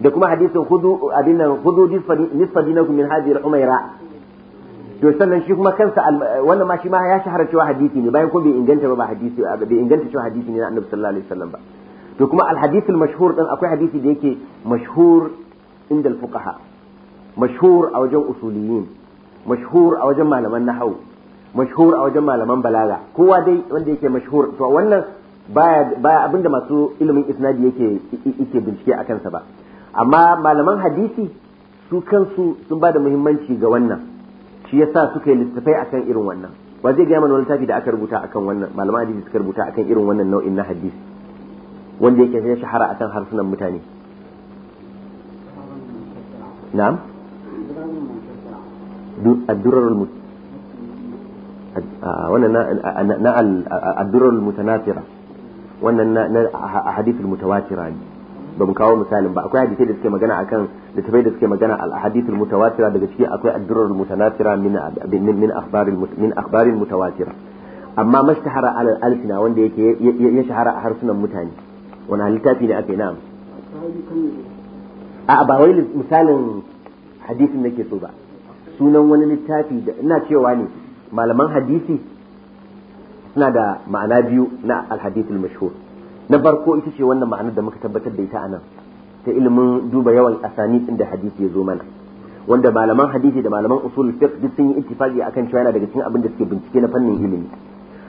da kuma hadisin hudu abin nan hudu nisfa dinakum min hadhihi umaira to sannan shi kuma kansa wannan ma shi ma ya shahara cewa hadisi ne bayan ko bai inganta ba hadisi bai inganta cewa hadisi ne na annabi sallallahu alaihi wasallam ba to kuma alhadith almashhur din akwai hadisi da yake mashhur inda alfuqaha mashhur a wajen usuliyin mashhur a wajen malaman nahwu mashhur a wajen malaman balaga kowa dai wanda yake mashhur to wannan baya baya abinda masu ilimin isnadi yake yake bincike a kansa ba amma malaman hadisi su kansu sun ba da muhimmanci ga wannan shi yasa suka yi littafai akan irin wannan wa zai gaya mana wani littafi da aka rubuta akan wannan malaman hadisi suka rubuta akan irin wannan nau'in na hadisi wanda yake sai shahara akan harsunan mutane na'am الدرر المت... آه... وانا نا... نا... نا... wannan na hadithul mutawatira ne ba mu kawo misalin ba akwai hadisai da suke magana akan littafai da suke magana al hadithul mutawatira daga ciki akwai ad-durrul mutanatira min min akhbaril min akhbaril amma mashtahara al alfina wanda yake ya shahara a harsunan mutane wani littafi ne aka na'am a ba wai misalin hadisin nake so ba sunan wani littafi da ina cewa ne malaman hadisi suna da ma'ana biyu na alhadithul mashhur na farko ita ce wannan ma'anar da muka tabbatar da ita anan ta ilimin duba yawan asani inda hadisi ya zo mana wanda malaman hadisi da malaman usul fiqh duk sun yi ittifaqi akan cewa yana daga cikin abin da suke bincike na fannin ilimi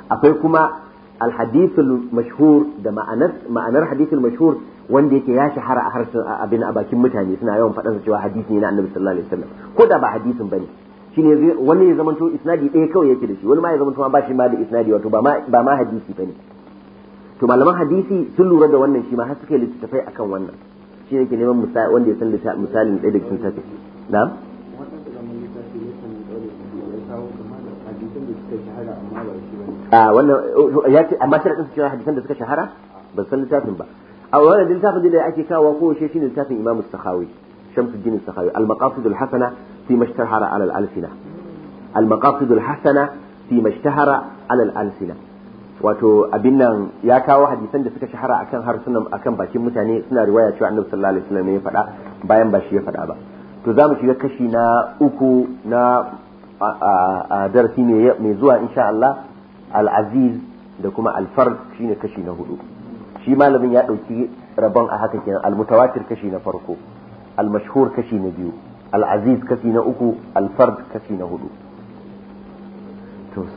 akwai kuma alhadithul mashhur da ma'anar ma'anar hadithul mashhur wanda yake ya shahara a harshen abin a bakin mutane suna yawan faɗan cewa hadisi ne na annabi sallallahu alaihi wasallam ko da ba hadisin bane shine wani ya zamanto isnadi ɗaya kawai yake da shi wani ma ya zamanto ma ba shi ma da isnadi wato ba ma ba ma hadisi bane to malaman hadisi sun lura da wannan shi ma har suka yi littattafai akan wannan shi ne ke neman misali wanda ya san misalin ɗaya daga cikin tafi na'am a wannan ya ce amma sharadin su cewa hadisan da suka shahara ban san littafin ba a wannan littafin da ake kawo ko shi shine littafin Imam Sakhawi Shamsuddin Sakhawi al-Maqasid al-Hasana فيما اشتهر على الألسنة المقاصد الحسنة فيما اشتهر على الألسنة wato abin nan ya kawo hadisan da suka shahara akan harsunan akan bakin mutane suna riwaya cewa annabi sallallahu alaihi wasallam ya faɗa bayan ba shi ya faɗa ba to zamu shiga kashi na uku na darasi mai zuwa insha Allah al-aziz da kuma al-fard shine kashi na hudu shi malamin ya dauki rabon a haka kenan al-mutawatir kashi na farko al-mashhur kashi na biyu العزيز كفي نأكو الفرد كفي نهدو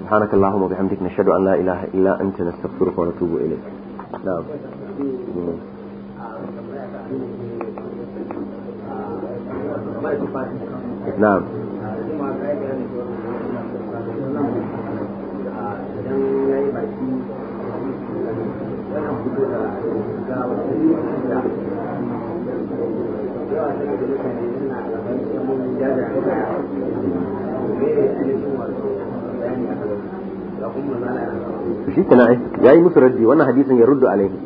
سبحانك اللهم وبحمدك نشهد أن لا إله إلا أنت نستغفرك ونتوب إليك نعم نعم Thank you. shi yayi musu raddi wannan hadisin ya ruddu alaihi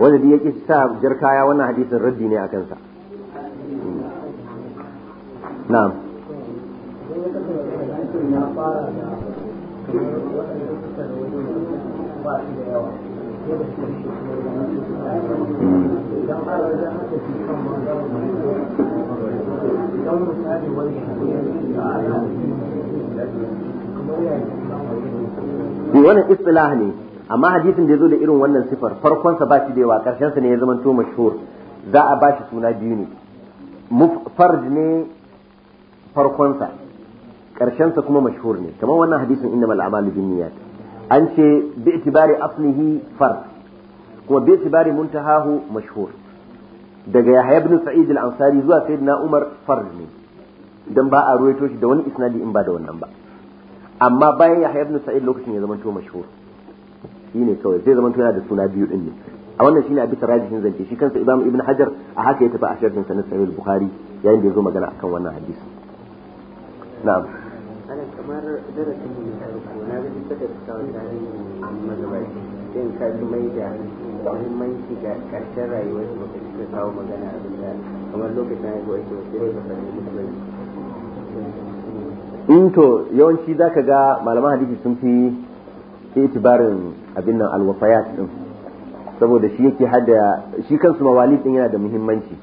wanda da yake sa jar kaya wannan hadisin raddi ne akan sa na'am Mm. wannan istilah ne amma hadisin da ya zo da irin wannan sifar farkonsa ba shi da yawa karshensa ne ya zama to mashhur za a ba shi suna biyu ne farj ne farkonsa karshensa kuma mashhur ne kamar wannan hadisin inda mal amalu binniyat an ce bi aslihi farj kuma bitibari muntahahu mashhur daga Yahya ibn Sa'id al-Ansari zuwa Sayyidina Umar farz ne dan ba a ruwaito shi da wani isnadi in ba da wannan ba amma bayan Yahya ibn Sa'id lokacin ya zamanto mashhur ne kawai zai zamanto yana da suna biyu din ne a wannan shine abisa rajihin zance shi kansa Imam Ibn Hajar a haka ya tafi a sharhin sa Sahih al-Bukhari yayin da ya zo magana akan wannan hadisi na'am ana kamar darasin mu na farko na ga duka da tsawon tarihi amma gaba ɗin ka mai da muhimmanci ga karshen rayuwar su ba su kawo magana abin da kamar lokacin ya goyi ba sai ba sani mutu in to yawanci za ka ga malaman hadisi sun fi itibarin abin nan alwafayat din saboda shi yake hada shi kansu mawalid din yana da muhimmanci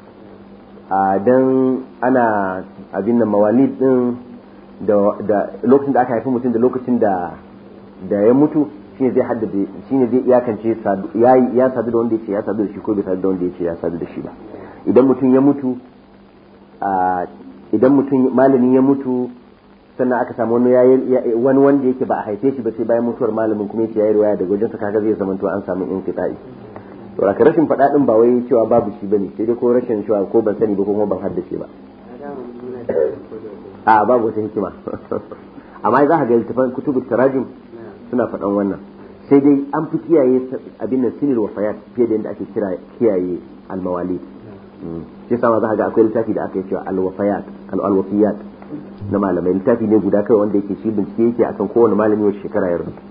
a dan ana abin nan mawalid din da lokacin da aka haifi mutum da lokacin da ya mutu shine zai haddace shine zai iyakance yayi ya sadu da wanda yake ya sadu da shi ko bai sadu da wanda yake ya sadu da shi ba idan mutum ya mutu a idan mutum malamin ya mutu sannan aka samu wani yayi wani wanda yake ba a haife shi ba sai bayan mutuwar malamin kuma yake yayi riwaya daga wajen sa kaga zai to an samu kitai to raka rashin fada din ba wai cewa babu shi bane sai dai ko rashin cewa ko ban sani ba ko kuma ban haddace ba a babu wata hikima amma za ka ga littafin kutubu tarajim suna faɗan wannan sai dai an fi kiyaye abin nan wa wafayat fiye da yadda ake kira kiyaye almawali mm. shi sama za ga akwai littafi da aka yi cewa alwafayat alwafiyat na malamai littafi ne guda kai wanda yake shi bincike yake akan kowane malami wacce shekara ya rubuta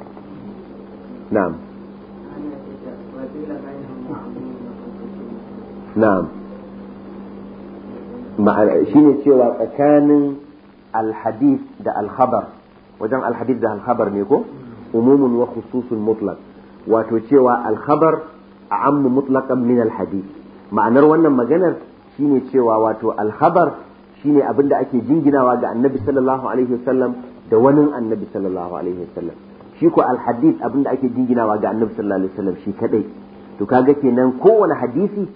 na'am na'am shine cewa tsakanin alhadith da alhabar wajen alhadith da alhabar ne ko umumun wa khususun mutlaq wato cewa alkhabar a'ammu mutlaqan min alhadith ma'anar wannan maganar shine cewa wato alkhabar shine abinda ake jinginawa ga annabi sallallahu alaihi wasallam da wani annabi sallallahu alaihi wasallam shi ko alhadith abinda ake jinginawa ga annabi sallallahu alaihi wasallam shi kadai to kaga kenan kowane hadisi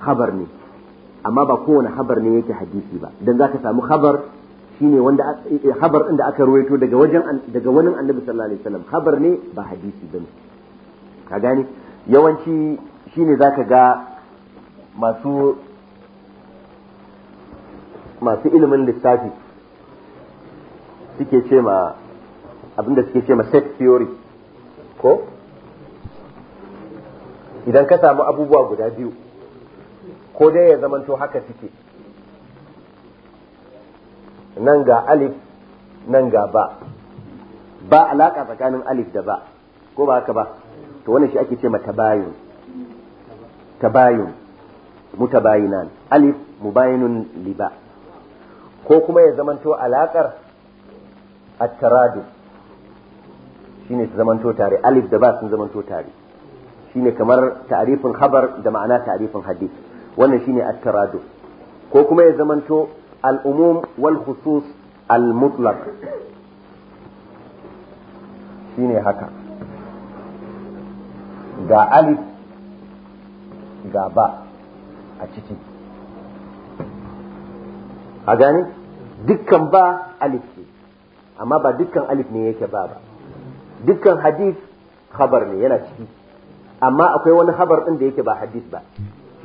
khabar ne amma ba kowane khabar ne yake hadisi ba dan zaka samu khabar shine wanda eh, eh, habar din da aka ruwaito daga wajen daga wani annabi sallallahu alaihi wasallam habar ne ba hadisi bane ka gane yawanci shine zaka ga masu masu ilimin lissafi suke ce ma abinda suke ce ma set theory ko idan ka samu abubuwa guda biyu ko dai ya zamanto haka suke nan ga alif nan ga ba ba alaka tsakanin alif da ba ko ba haka ba to wannan shi ake ce ma tabayun tabayun mutabayinan alif mubayinun liba ko kuma ya zamanto alakar at-taradu shine su zamanto tare alif da ba sun zamanto tare shine kamar ta'rifin khabar da ma'ana ta'rifin hadith wannan shine at-taradu ko kuma ya zamanto al'umum wal khusus al-mutlaq shine haka ga alif ga ba a ciki a gane dukkan ba alif ne amma ba dukkan alif ne yake ba ba dukkan hadith khabar ne yana ciki amma akwai wani habar ɗin da yake ba hadith ba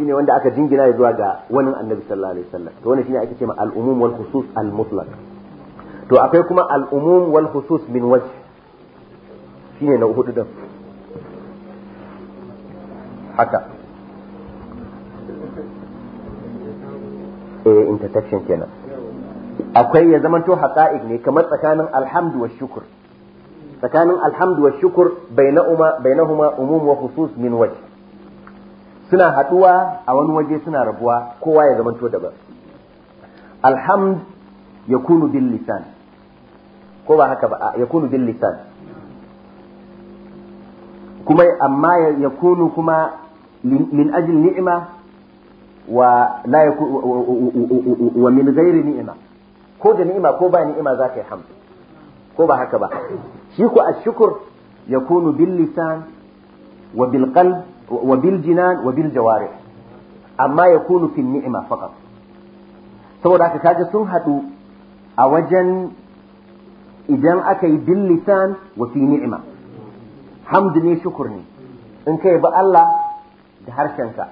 shine wanda aka jingina ya zuwa ga wani annabi sallallahu alaihi wasallam to wannan shine ake cewa al-umum wal khusus al mutlaq to akwai kuma al-umum wal khusus min wajh shine na hudu din haka eh intersection kenan akwai ya to haqa'iq ne kamar tsakanin alhamdu wa shukr tsakanin alhamdu wa shukr bainahuma bainahuma umum wa khusus min wajh suna haduwa a wani waje suna rabuwa kowa ya zamanto daban alhamd yakunu bil lisan ko ba haka ba yakunu bil lisan kuma amma ya kunu kuma min ajli ni'ima wa la wa min ghairi ni'ima ko da ni'ima ko ba ni'ima za ka yi hamd ko ba haka ba shi shukur ashkur yakunu bil lisan wa bil qalb wa bil jinan wa bil jawarih amma kunu fi ni'ima faqat saboda haka kaga sun hadu a wajen idan aka yi bil lisan wa fi ni'ima hamd ne shukur ne in kai ba Allah da harshenka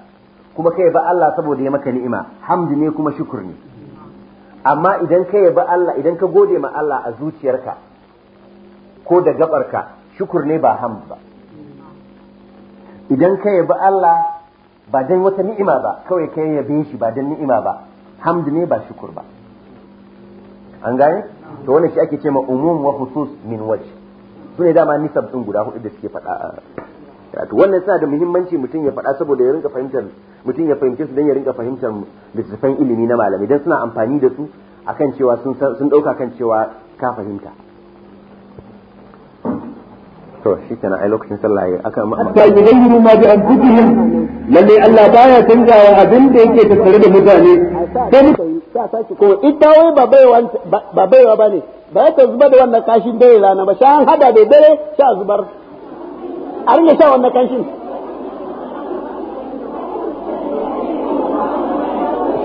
kuma kai ba Allah saboda ya maka ni'ima hamd ne kuma shukur ne amma idan kai ba Allah idan ka gode ma Allah a zuciyarka ko da gabarka shukur ne ba hamd ba idan ka yabi Allah ba dan wata ni'ima ba kawai ka yabe shi ba dan ni'ima ba hamd ne ba shukur ba an gane to wannan shi ake ce ma umum wa khusus min waje? su ne dama nisab din guda hudu da suke faɗa to wannan suna da muhimmanci mutum ya faɗa saboda ya rinka fahimtar mutum ya fahimce su dan ya rinka fahimtar littattafan ilimi na malamai dan suna amfani da su akan cewa sun sun dauka kan cewa ka fahimta to shi kana ai lokacin sallah ya aka ma amma ya gairu ma bi anfusihim lalle Allah baya canzawa abin da yake tattare da mutane sai mu saki ko ita wai ba baiwa ba baiwa bane ba ta zuba da wannan kashin dare rana ba shan hada da dare sha zubar a sha wannan kashin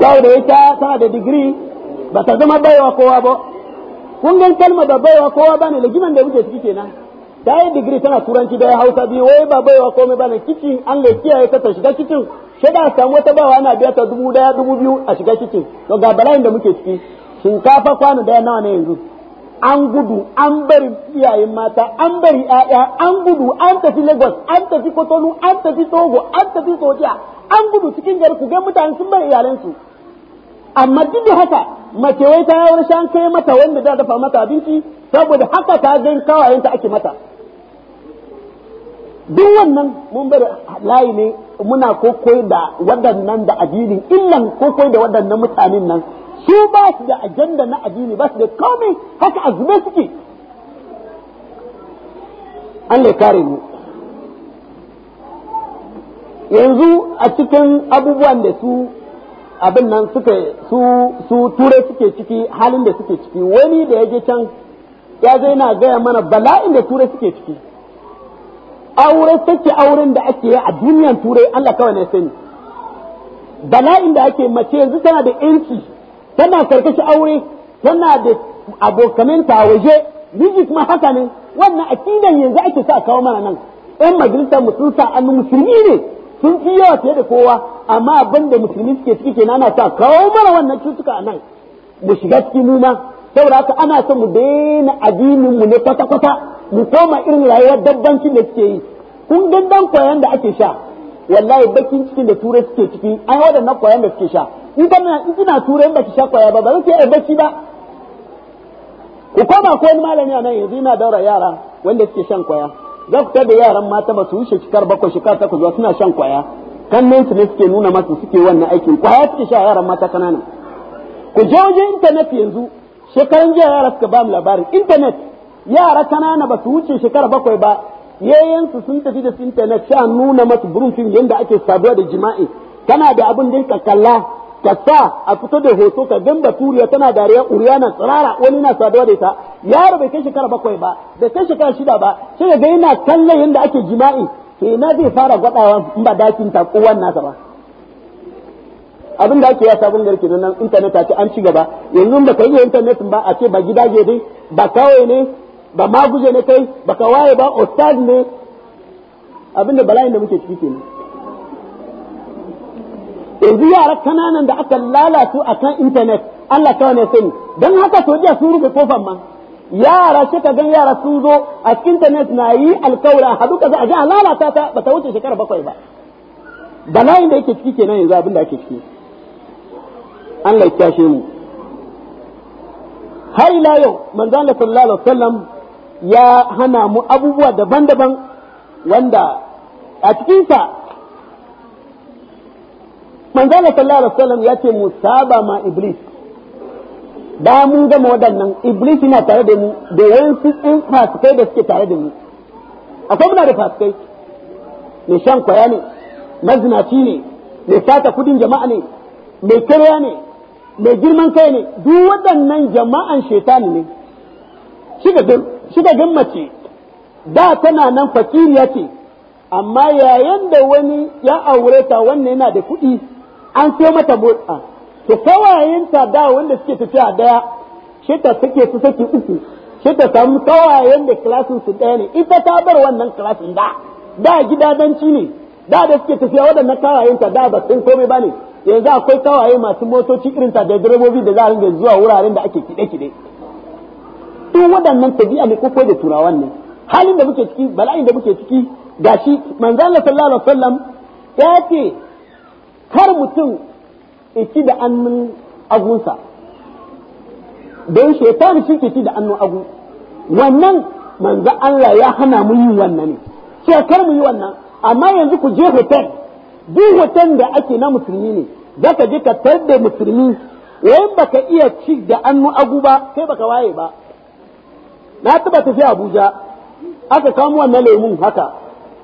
da ita tana da digiri ba ta zama baiwa kowa ba kun gan kalma ba baiwa kowa bane da da muke ciki kenan ta yi digiri tana turanci da ya hausa biyu wai ba baiwa komai ba ne kicin an le kiyaye ta ta shiga kicin shiga da samu wata bawa ana biya ta dubu daya dubu biyu a shiga kicin to ga bala'in da muke ciki shinkafa kwano daya nawa ne yanzu an gudu an bari iyayen mata an bari ƴaƴa an gudu an tafi Lagos an tafi Kotonu an tafi Togo an tafi Sojiya an gudu cikin gari ku ga mutane sun bari iyalansu amma duk haka mace wai ta yawar shan kai mata wanda da dafa mata abinci saboda haka ta gan kawayenta ake mata duk wannan mun bar layi ne muna kokoi da waɗannan da addinin illan kokoi da waɗannan mutanen nan su ba su da ajanda na addini ba su da komai haka azume suke Allah ya kare mu yanzu a cikin abubuwan da su abin nan suka su su ture suke ciki halin da suke ciki wani da ya je can ya zai na gaya mana bala'in da ture suke ciki aure sake auren da ake yi a duniyan turai Allah kawai ne sani bala'in da ake mace yanzu tana da yanci tana karkashi aure tana da abokananta a waje miji kuma haka ne wannan akidan yanzu ake sa kawo mana nan yan majalisar mu sun annu musulmi ne sun fi yawa fiye da kowa amma abin da musulmi suke ciki ke nana sa kawo mana wannan cutuka a nan mu shiga cikin mu ma saboda haka ana son mu daina addinin mu ne kwata-kwata mu koma irin rayuwar dabbancin da suke yi kun dandan da ake sha wallahi bakin cikin da turai suke ciki ai waɗannan koyan da suke sha in kana in kina turai ba ki sha koya ba ba zan sai bacci ba ku koma ko wani malami a nan yanzu ina daura yara wanda suke shan koya za ku da yaran mata ba su wuce shekar bakwai shekar takwas ba suna shan koya kannensu ne suke nuna masu suke wannan aikin kwaya suke sha yaran mata kanana ku je wajen intanet yanzu shekaran jiya yara suka ba mu labarin intanet yara kanana ba su wuce shekara bakwai ba yayansu sun tafi da internet sha nuna masu burin fim yadda ake saduwa da jima'i tana da abin dinka ka kalla ka sa a fito da hoto ka gan baturiya tana dariya na tsirara wani na saduwa da ita yaro bai kai shekara bakwai ba bai kai shekara shida ba sai ga yana kallon yadda ake jima'i ke na zai fara gwadawa in ba dakin ta kowan nasa ba abin da ake ya sabon garke nan internet a ce an ci gaba yanzu ba ka yi internet ba a ce ba gida dai ba kawai ne ba ma guje ne kai baka waye ba ustad ne abinda bala'in da muke ciki kenan yanzu yara kananan da aka lalatu a kan intanet Allah kawai ne sani don haka to jiya sun rufe kofan ma yara shi ka gan yara sun zo a intanet na yi alkawura haɗu ka za a ji a lalata ta ba ta wuce shekara bakwai ba bala'in da yake ciki kenan yanzu abin da ake ciki Allah ya kyashe mu har ila yau manzo Allah sallallahu alaihi wasallam ya hana mu abubuwa daban-daban wanda a cikinsa manzana sallallahu alaihi wasallam ya ce mu ma iblis da mun gama waɗannan iblis yana tare da mu da wayansu in fasikai da suke tare da mu akwai muna da fasikai mai shan kwaya ne mazinaci ne mai sata kudin jama'a ne mai karya ne mai girman kai ne duk waɗannan jama'an shetani ne shi ga kika mace da tana nan fakiriya ce amma yayin da wani ya aure ta wannan yana da kuɗi an so mata motsa to kawayenta da wanda suke tafiya daya shi ta suke su saki uku shi ta samu kawayen da klasin su daya ne ita ta bar wannan klasin da da gidadanci ne da da suke tafiya waɗannan kawayenta da ba sun komai ba ne yanzu akwai kawaye masu motoci irin ta da direbobi da za a ringa zuwa wuraren da ake kide-kide duk waɗannan tabi'a ne ko da turawan ne halin da muke ciki bala'in da muke ciki gashi manzon Allah sallallahu alaihi wasallam ya ce kar mutum ci da annun agunsa don shaitan shi ke ci da annun agu wannan manzo Allah ya hana mu yi wannan ne sai kar mu yi wannan amma yanzu ku je hotel duk hotel da ake na musulmi ne zaka je ka tar da musulmi wayan baka iya ci da annun agu ba kai baka waye ba na taba tafiya Abuja aka kawo wannan lemun haka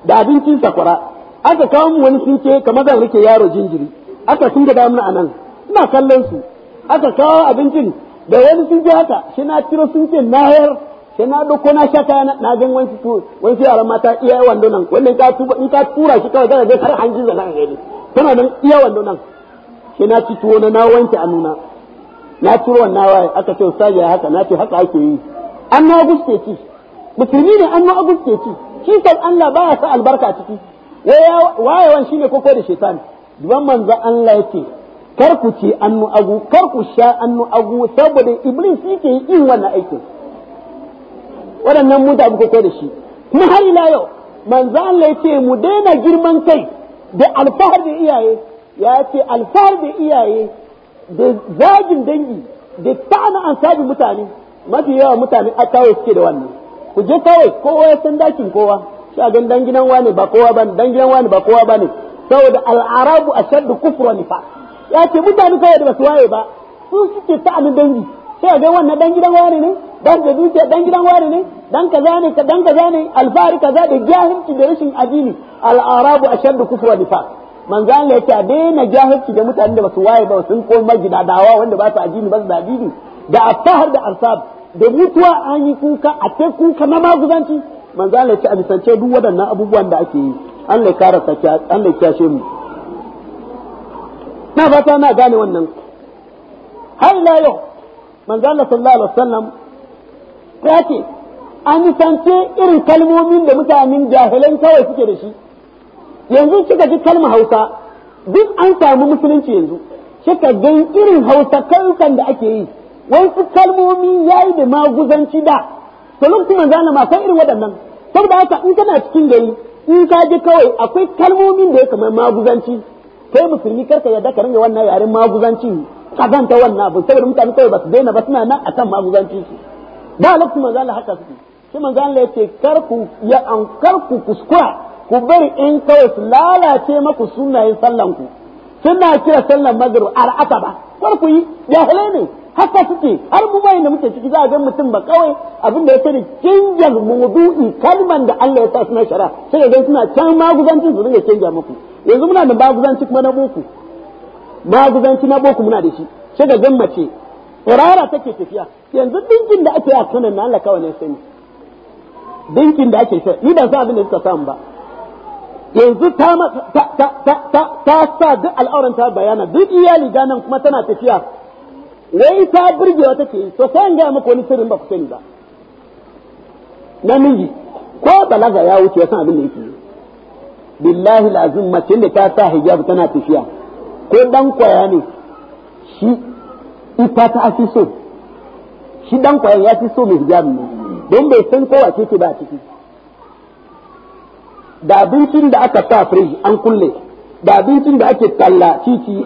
da abincin sakwara aka kawo mu wani sinke kamar da rike yaro jinjiri aka sun ga damuna anan ina kallon su aka kawo abincin da wani sinke haka shi na tiro sinke na hayar shi na doko na sha na gan wani su wani su yaran mata iya wando nan wannan ka tuba in ka tura shi kawai daga ga har hanji zaka gani tana nan iya wando nan shi na ci tuwo na na wanke annuna na turo wannan waye aka ce ustaji haka na ce haka ake yi an na guske ci musulmi ne an na guske ci shi kan Allah ba ya sa albarka ciki wayawan shine koko da shaitan duban manzo Allah yake kar ku ci annu agu kar ku sha annu agu saboda iblis yake yin wannan aikin waɗannan muta abu koko da shi kuma har ila yau manzo Allah yake mu daina girman kai da alfahar da iyaye ya ce alfahar da iyaye da zagin dangi da ta'ana an sabi mutane mafi yawa mutane a kawai suke da wannan ku je kawai kowa ya san dakin kowa shi a gan dan gidan wani ba kowa bane dan gidan wani ba kowa bane saboda al'arabu ashaddu kufra nifa ya ce mutane kawai da basu waye ba su suke ta dangi sai a gan wannan dan gidan wani ne dan da dukiya dan gidan wani ne dan kaza ne ka dan kaza ne alfari kaza da jahilci da rashin addini al'arabu ashaddu kufra nifa manzo Allah ya ce a daina jahilci da mutane da basu waye ba sun koma gidadawa wanda ba su addini ba su da addini da asahar da arsab da mutuwa an yi kuka a ta kuka na maguzanci manzo Allah ya ci amsance duk waɗannan abubuwan da ake yi Allah ya kara sakiya Allah ya kyashe mu na fata na gane wannan har ila yau manzo Allah sallallahu alaihi wasallam ya ce a irin kalmomin da mutanen jahilan kawai suke da shi yanzu kika ji kalmar Hausa duk an samu musulunci yanzu kika ga irin Hausa kankan da ake yi wai su kalmomi yayi da maguzanci da to lokacin manzo Allah akwai irin waɗannan saboda haka in kana cikin gari in ka je kawai akwai kalmomin da ya kamar maguzanci kai musulmi karka yadda ka ringa wannan yaren maguzanci kazanta wannan abu saboda mutane kawai ba su daina ba suna nan akan maguzanci su da lokacin manzo Allah haka suke shi manzo Allah yace kar ya an kar ku kuskura ku bari in kawai su lalace maku sunayen sallan ku suna kira sallan maghrib al'asaba kar ku yi jahilai ne haka suke har mu da muke ciki za a ga mutum ba kawai abin da ya sani canjar maudu'i kalman da Allah ya sa suna shara sai ga suna can maguzancin su dinga canja muku yanzu muna da maguzanci kuma na boko maguzanci na boko muna da shi sai ga gan mace tsirara take tafiya yanzu dinkin da ake a sanan na Allah kawai ne sani dinkin da ake sai ni ba sa abin da suka samu ba yanzu ta ta ta ta ta sa duk al'auran ta bayana duk iyali ganan kuma tana tafiya wai ta burgewa take yi to sai ga muku wani sirrin ba ku sani ba namiji ko balaga ya wuce san abin da yake yi billahi lazim mace da ta sa hijab tana tafiya ko dan kwaya ne shi ita ta fi so shi dan kwaya ya fi so mai hijab ne don bai san kowa ce ba ciki da abincin da aka sa firij an kulle da abincin da ake talla titi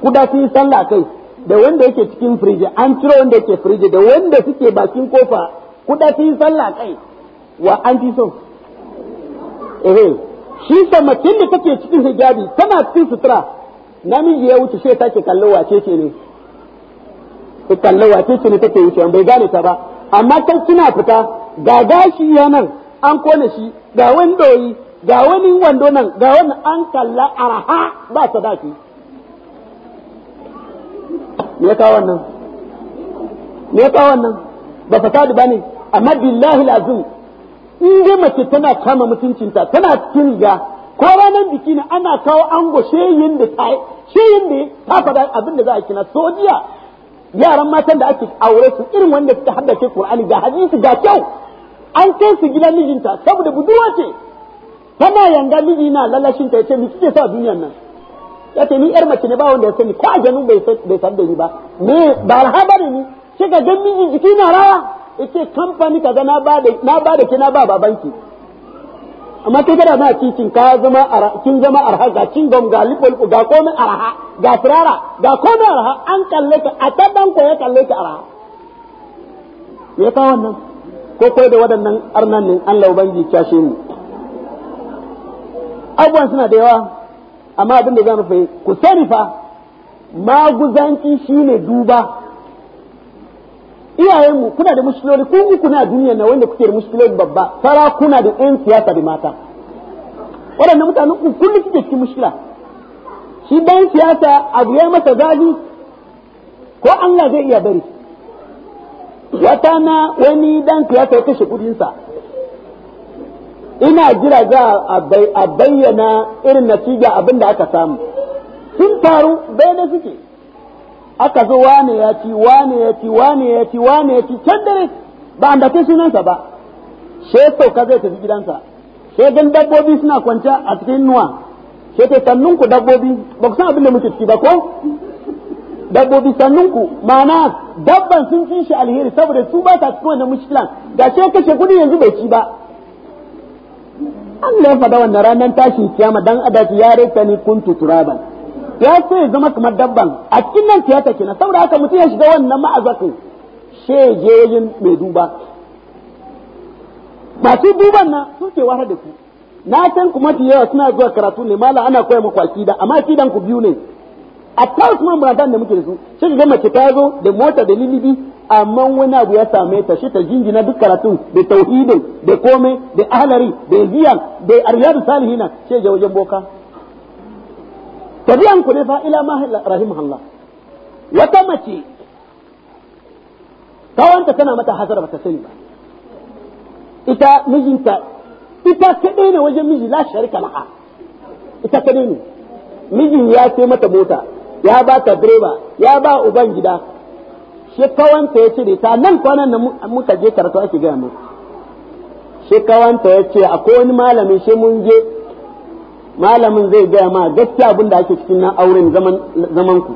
kudafin sun sallah kai da wanda yake cikin firiji an ciro wanda yake firiji da wanda suke bakin kofa kuɗa sun sallah kai wa an fi so eh shi samakin da take cikin hijabi tana cikin sutura namiji ya wuce sai take kallo wace ce ne ta kallo wace ce ne take wuce bai gane ta ba amma ta kina fita ga gashi yanan an kone shi ga wandoyi ga wani wando nan ga wani an kalla araha ba sadaki me ya kawo wannan me ya kawo wannan ba fasadi bane amma billahi lazim in mace tana kama mutuncinta tana cikin riga ko ranar biki ne ana kawo ango sheyin da ta sheyin da ta faɗa abin da za a kina sojiya yaran matan da ake aure su irin wanda suka haddace Qur'ani ga hadisi ga kyau an kai su gidan mijinta saboda budurwa ce tana yanga miji na lalashin ta yace miki ke sa duniyan nan ya ce ni yar mace ne ba wanda ya sani ko a ganin bai san da ni ba me ba alhabari ni sai ka ga mijin jiki na rawa ce kamfani ka na da na ba da ke na ba babanki amma kai kada na cikin ka zama kin zama arha ga kin gam ga lipol ga komai arha ga firara ga komai arha an kalle ka a tabban ko ya kalle ka arha me ya kawo wannan ko kai da waɗannan arnan ne Allah ubangiji ya shi mu abuwan suna da yawa amma abin da mu fahimci ku sani fa maguzanci shine duba mu kuna da mushkiloli ku na duniya na wanda kuke da mushkiloli babba fara kuna da yan siyasa da mata waɗannan mutanen ku kullum suke cikin mushkila shi dan siyasa abu ya masa gadi ko Allah zai iya bari wata na wani dan siyasa ya kashe kudinsa ina jira za a bayyana irin natija abin da aka samu sun taru bai da suke aka zo wane ya ci wane ya ci wane ya ci wane ya ci can dare ba an dace sunansa ba she sauka zai tafi gidansa she gan dabbobi suna kwanciya a cikin nuwa she ta sannun ku dabbobi ba ku san abin da muke ciki ba ko dabbobi sannun ku ma'ana dabban sun ci shi alheri saboda su ba ta cikin wannan mushkilan da she kashe kudi yanzu bai ci ba Allah ya faɗa wannan ranar tashin kiyama dan adaci ya reta ni kuntu turaban ya ce zama kamar dabban a cikin nan tiyata kenan saboda haka mutum ya shiga wannan ma'azaku shegeyin mai duba masu duban na suke wahar da su na san kuma fiye yawa suna zuwa karatu ne mala ana koya muku kida amma kidan ku biyu ne a ta Usman da muke da su sai ga mace ta zo da mota da lilibi amma wani abu ya same ta shi ta jingina duk karatun da tauhidin da komai da ahlari da ziyan da aryadu salihina ce je wajen boka tabiyan ku ne fa ila ma wata mace kawanta tana mata hasara ta sani ba ita mijinta ita kadai ne wajen miji la sharika laha ita kadai ne mijin ya sai mata mota ya ba ta direba ya ba uban gida shi kawanta ya cire ta nan kwanan da muka je karatu ake gaya mu shi kawanta ya ce akwai wani malamin shi mun je malamin zai gaya ma gaskiya abin da ake cikin nan auren zaman ku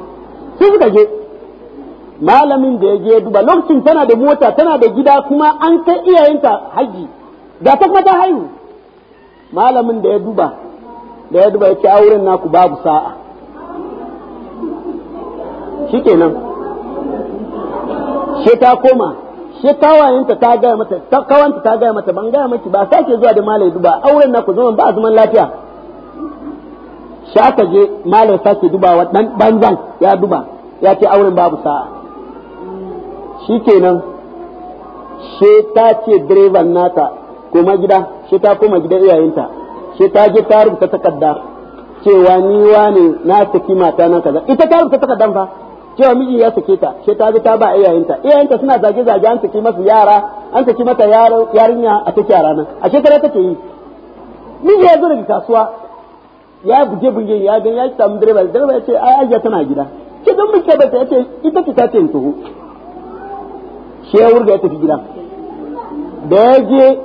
sai suka je malamin da ya je duba lokacin tana da mota tana da gida kuma an kai iyayenta haji da ta kuma ta haihu malamin da ya duba da ya duba ya ce auren naku babu sa'a shikenan she ta koma she kawayenta ta gaya mata ta kawanta ta gaya mata ban gaya miki ba sake zuwa da malai duba auren na ku zama ba zaman lafiya shi aka je malai sake dubawa dan banzan ya duba ya ce auren babu sa'a shikenan she ta ce direban nata koma gida she ta koma gida iyayenta she ta je ta rubuta takarda cewa ni ne na saki mata na kaza ita ta rubuta takardan fa cewa miji ya sake ta sai ta bi ta ba iyayenta iyayenta suna zage zage an saki masa yara an saki mata yarinya a take yara nan a shekara take yi miji ya zo kasuwa ya buge buge ya ga ya samu direba direba ya ce ai ajiya tana gida ke don muke ba ta ce ita ce ta ce in tuhu shi ya wurga ya tafi gida da ya je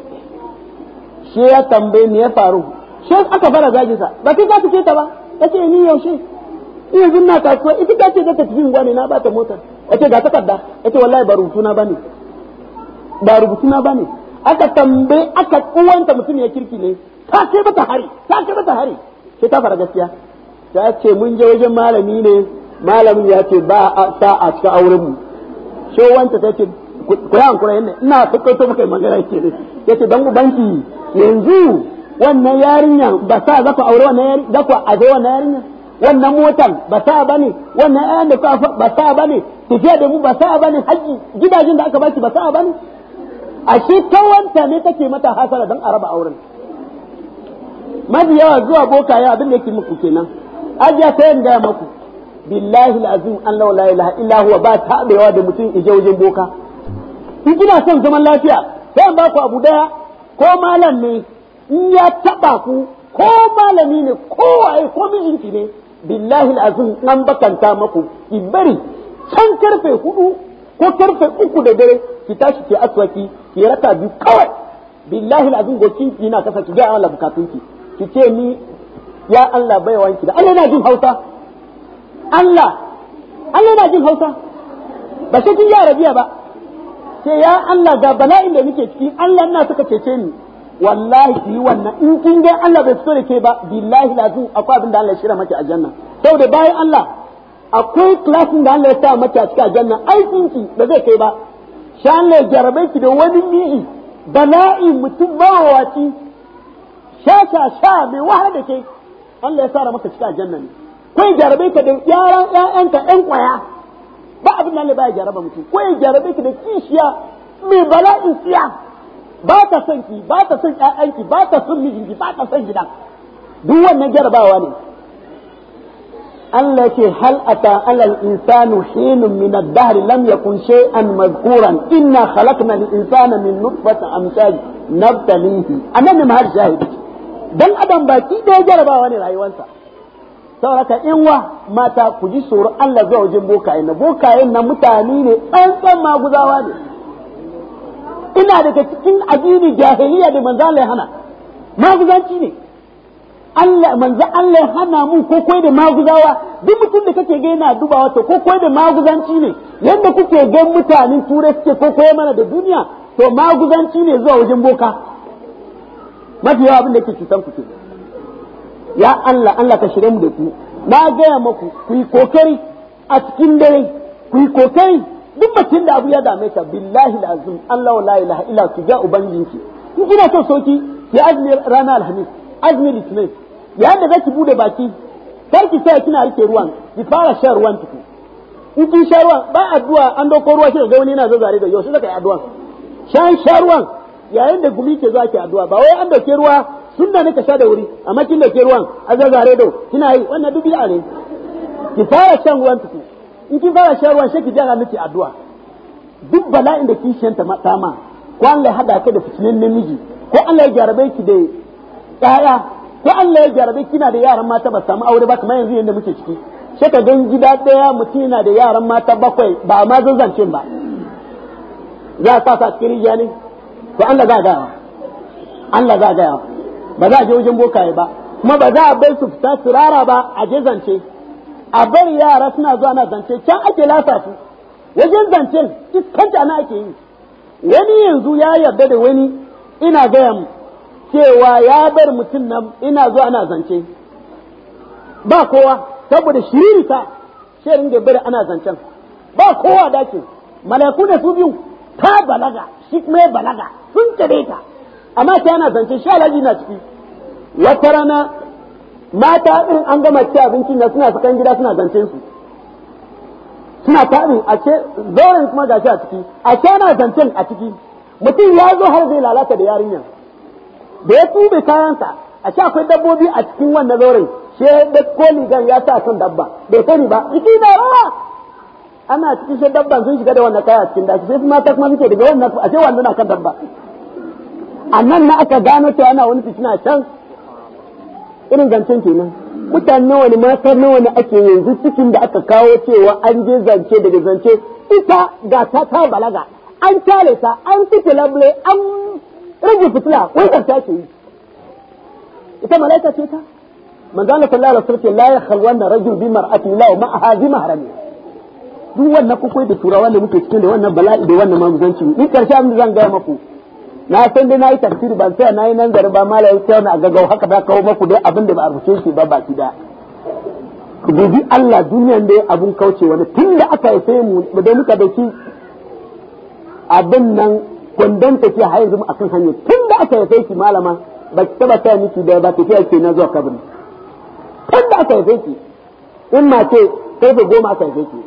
shi ya tambaye me ya faru shi aka fara zage sa ba kai za ka ce ta ba ta ce ni yaushe in yanzu na kasuwa ita ta ce zata tafi unguwa ne na bata mota ce ga takarda ce wallahi ba rubutu na bane ba rubutu na bane aka tambaye aka kuwanta mutum ya kirki ne ta ce bata hari ta ce bata hari sai ta fara gaskiya ta ce mun je wajen malami ne malamin ya ce ba a sa a cikin auren mu sho wanta ta ce ku yi hankura yadda ina tukkaito maka magana ke ne ya ce dan ubanki yanzu wannan yarinya ba sa za aure wannan yarinya za aje wannan yarinya wannan motan ba sa ba ne wannan ayan da kuka ba sa ba ne tafiya da mu ba sa ba ne haji gidajen da aka baki ba sa ba ne shi kawanta ne take mata hasara don a raba auren mafi yawa zuwa boka ya abin da yake muku kenan ajiya ta yin gaya maku billahi azim an lau la ilaha illa huwa ba da mutum ije wajen boka in kina son zaman lafiya sai ba ku abu daya ko malam ne ya taɓa ku ko malami ne ko waye ko mijinki ne billahi azim an bakanta maku ki bari can karfe hudu ko karfe uku da dare ki tashi ki aswaki ki raka biyu kawai billahi azim gokin ki na kasa ki ga Allah bukatun ki ki ce ni ya Allah baiwanki da Allah na jin Hausa Allah Allah na jin Hausa ba sai kin yara ba sai ya Allah ga bala'in da nake ciki Allah ina suka cece ni wallahi ki yi wannan in kin ga Allah bai fito da ke ba billahi lazim akwai abin da Allah ya shirya maki a janna saboda bayan Allah akwai klasin da Allah ya sa maki a cikin janna aikin ki ba zai kai ba sha Allah ya jarabe ki da wani ni'i bala'i mutum ba waci sha sha sha mai wahala da ke Allah ya sa maka cikin aljanna ne kai jarabe ka da yaran ƴaƴanka ƴan kwaya ba abin da Allah ba ya jaraba mutum kai jarabe ki da kishiya mai bala'in siya ba ta son ki ba ta son ƴaƴanki ba ta son mijinki ba ta son gidan duk wannan jarabawa ne Allah yake hal ata alal insanu hinun min ad-dahr lam yakun shay'an madhkuran inna khalaqna al-insana min nutfati amshaj nabtalihi anan ma mahar shahid dan adam ba ki da jarabawa ne rayuwarsa sauraka in wa mata ku ji tsoron Allah zai wajen bokayen na bokayen na mutane ne tsantsan maguzawa ne ina daga cikin addinin jahiliya da manzo Allah ya hana maguzanci ne Allah manzo Allah ya hana mu ko koi da maguzawa duk mutum da kake ga yana dubawa to ko koi da maguzanci ne yadda kuke ga mutanen turai suke ko koi mana da duniya to maguzanci ne zuwa wajen boka mafi yawa abin da ke cutan ku ke ya Allah Allah ka shirye mu da ku na gaya maku ku yi kokari a cikin dare ku yi kokari duk macin da abu ya dame ta billahi lazim Allah la ilaha illa ki ga ubangiji in kina so soki ya azmi rana alhamis azmi litinin ya da zaki bude baki sai ki sai kina rike ruwan ki fara shan ruwan tuku in kin sha ruwan ba addu'a an dauko ruwa shi ga wani yana zazzare da yau sai zaka yi addu'a shan sha ruwan yayin da gumi ke zuwa ake addu'a ba wai an dauke ruwa sunna ne ka sha da wuri amma kin dauke ruwan azzare do da kina yi wannan dubiya ne ki fara shan ruwan tuku in kin fara shan ruwan sai ki jara miki addu'a duk bala'in da kin shanta mata ma ko Allah ya hada ka da fitinin namiji ko Allah ya jarabe ki da yaya ko Allah ya jarabe kina da yaran mata ba samu aure ba kamar yanzu yanda muke ciki sai ka gan gida daya mutum yana da yaran mata bakwai ba ma zanzance ba za a sa cikin rijiya ne to Allah za a gaya Allah za a gaya ba za a je wajen bokaye ba kuma ba za a bai su fita turara ba a je zance a bari yara suna zuwa na zance can ake lasa su wajen zancen iskanta ana ake yi wani yanzu ya yarda da wani ina gaya mu cewa ya bar mutum nan ina zuwa ana zance ba kowa saboda shiririta shirin da bari ana zancen ba kowa dakin malaku da su biyu ta balaga shi mai balaga sun tare ta amma ta yana zance shi alaji na ciki wata rana mata din an gama ci abincin da suna sakan gida suna zancen su suna taɗi a ce zauren kuma gashi a ciki a ce na zancen a ciki mutum ya zo har zai lalata da yarinya da ya tube kayansa a ce akwai dabbobi a cikin wannan zauren shi da koli gan ya sa kan dabba bai sani ba ciki da rawa ana cikin shi dabban sun shiga da wannan kaya cikin dashi sai mata kuma suke daga wannan a ce wannan na kan dabba a nan na aka gano cewa ana wani fitina can irin zancen kenan mutane nawa ne mata nawa ne ake yanzu cikin da aka kawo cewa an je zance daga zance ita ga ta ta balaga an kyale ta an fito labule an rage fitila wai ta ce yi ita malaika ce ta manzo sallallahu alaihi wasallam la na wanna rajul bi mar'ati la ma hadi mahrami duk wannan kukai da turawa da muke cikin da wannan bala'i da wannan mamuzanci ni karshe abin da zan gaya maku na san dai nayi tafsiri ban sai nayi nan gari ba malai sai ga gaggau haka da kawo muku dai abin da ba a rubuce shi ba baki da ku Allah duniyan dai abun kauce wani tun da aka yi sai mu da muka da shi abin nan kwandon tafiya har yanzu akan hanyar tun da aka yi sai ki malama ba ki taba sa miki da ba tafiya ke na zuwa kabri tun da aka yi sai ki in ma ce sai goma aka yi sai ki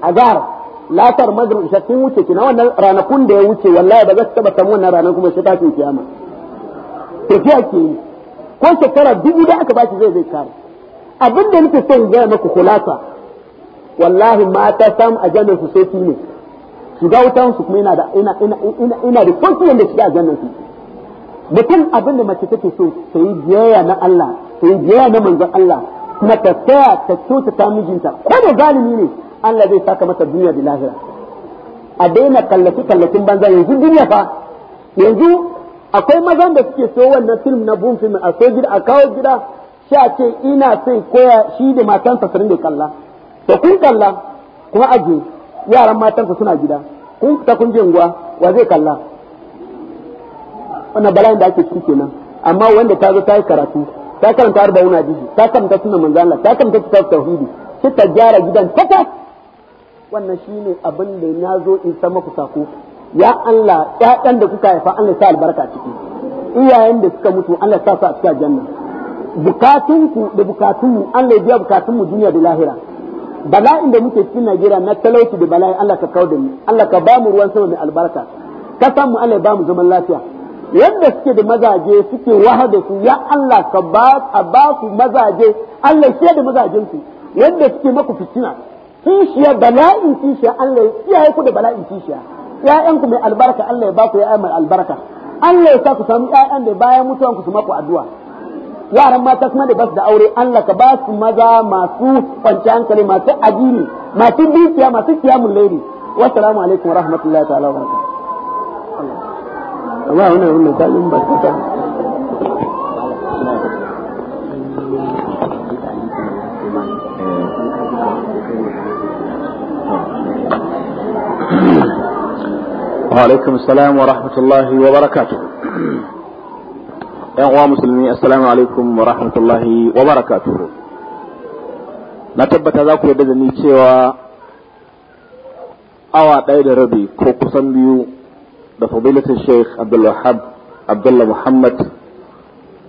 azara Latar maghrib isa sun wuce kina wannan ranakun da ya wuce wallahi ba za su taba samu wannan ranar kuma shi tafi kiyama tafiya ke yi ko shekara dubu da aka bashi zai zai kare abin da nake son gaya maku kulasa wallahi mata sam a jannar su sai ne shiga wutan su kuma ina da ina ina ina ina da shiga jannar su mutum abin da mace take so ta yi biyayya na Allah ta yi biyayya na manzon Allah kuma ta tsaya ta kyautata mijinta ko da zalimi ne Allah zai saka masa duniya da lahira a daina kallaci kallacin banza yanzu duniya fa yanzu akwai mazan da suke so wannan film na bun film a so gida a kawo gida a ce ina sai koya shi da matansa su da kalla to kun kalla kuma aje yaran matan ku suna gida kun fita kun je unguwa wa zai kalla wannan bala'in da ake ciki kenan amma wanda ta zo ta yi karatu ta karanta arba'una hadisi ta karanta sunan manzo Allah ta karanta kitab tauhidi sai ta gyara gidan takas wannan shine abin da na zo in san maku sako ya Allah ƴaƴan da kuka haifa Allah sa albarka ciki iyayen da suka mutu Allah sa su a cikin janna bukatunku da bukatunmu Allah ya biya bukatunmu duniya da lahira bala'in da muke cikin Najeriya na talauci da bala'i Allah ka kawo da mu Allah ka bamu ruwan sama mai albarka ka mu Allah ya bamu zaman lafiya yadda suke da mazaje suke wahada su ya Allah ka ba ka ba ku mazaje Allah shi da mazajen su yadda suke maku fitina kishiya bala'in kishiya Allah ya kiyaye ku da bala'in kishiya ƴaƴan ku mai albarka Allah ya baku ya'yan mai albarka Allah ya sa ku samu ya'yan da bayan mutuwan ku su maku addu'a yaran mata kuma da basu da aure Allah ka ba su maza masu kwanci hankali masu ajini masu dukiya masu kiyamun lairi wassalamu alaikum wa rahmatullahi ta'ala wa barakatuh Allah wannan wannan kalin barkata وعليكم السلام ورحمة الله وبركاته ‘Yan uwa musulmi, Assalamu alaikum wa rahmatullahi wa barakatuhu. Na tabbata za ku yarda da ni cewa awa ɗaya da rabi ko kusan biyu da fadilatin Sheikh Abdulwahab Abdullah Muhammad,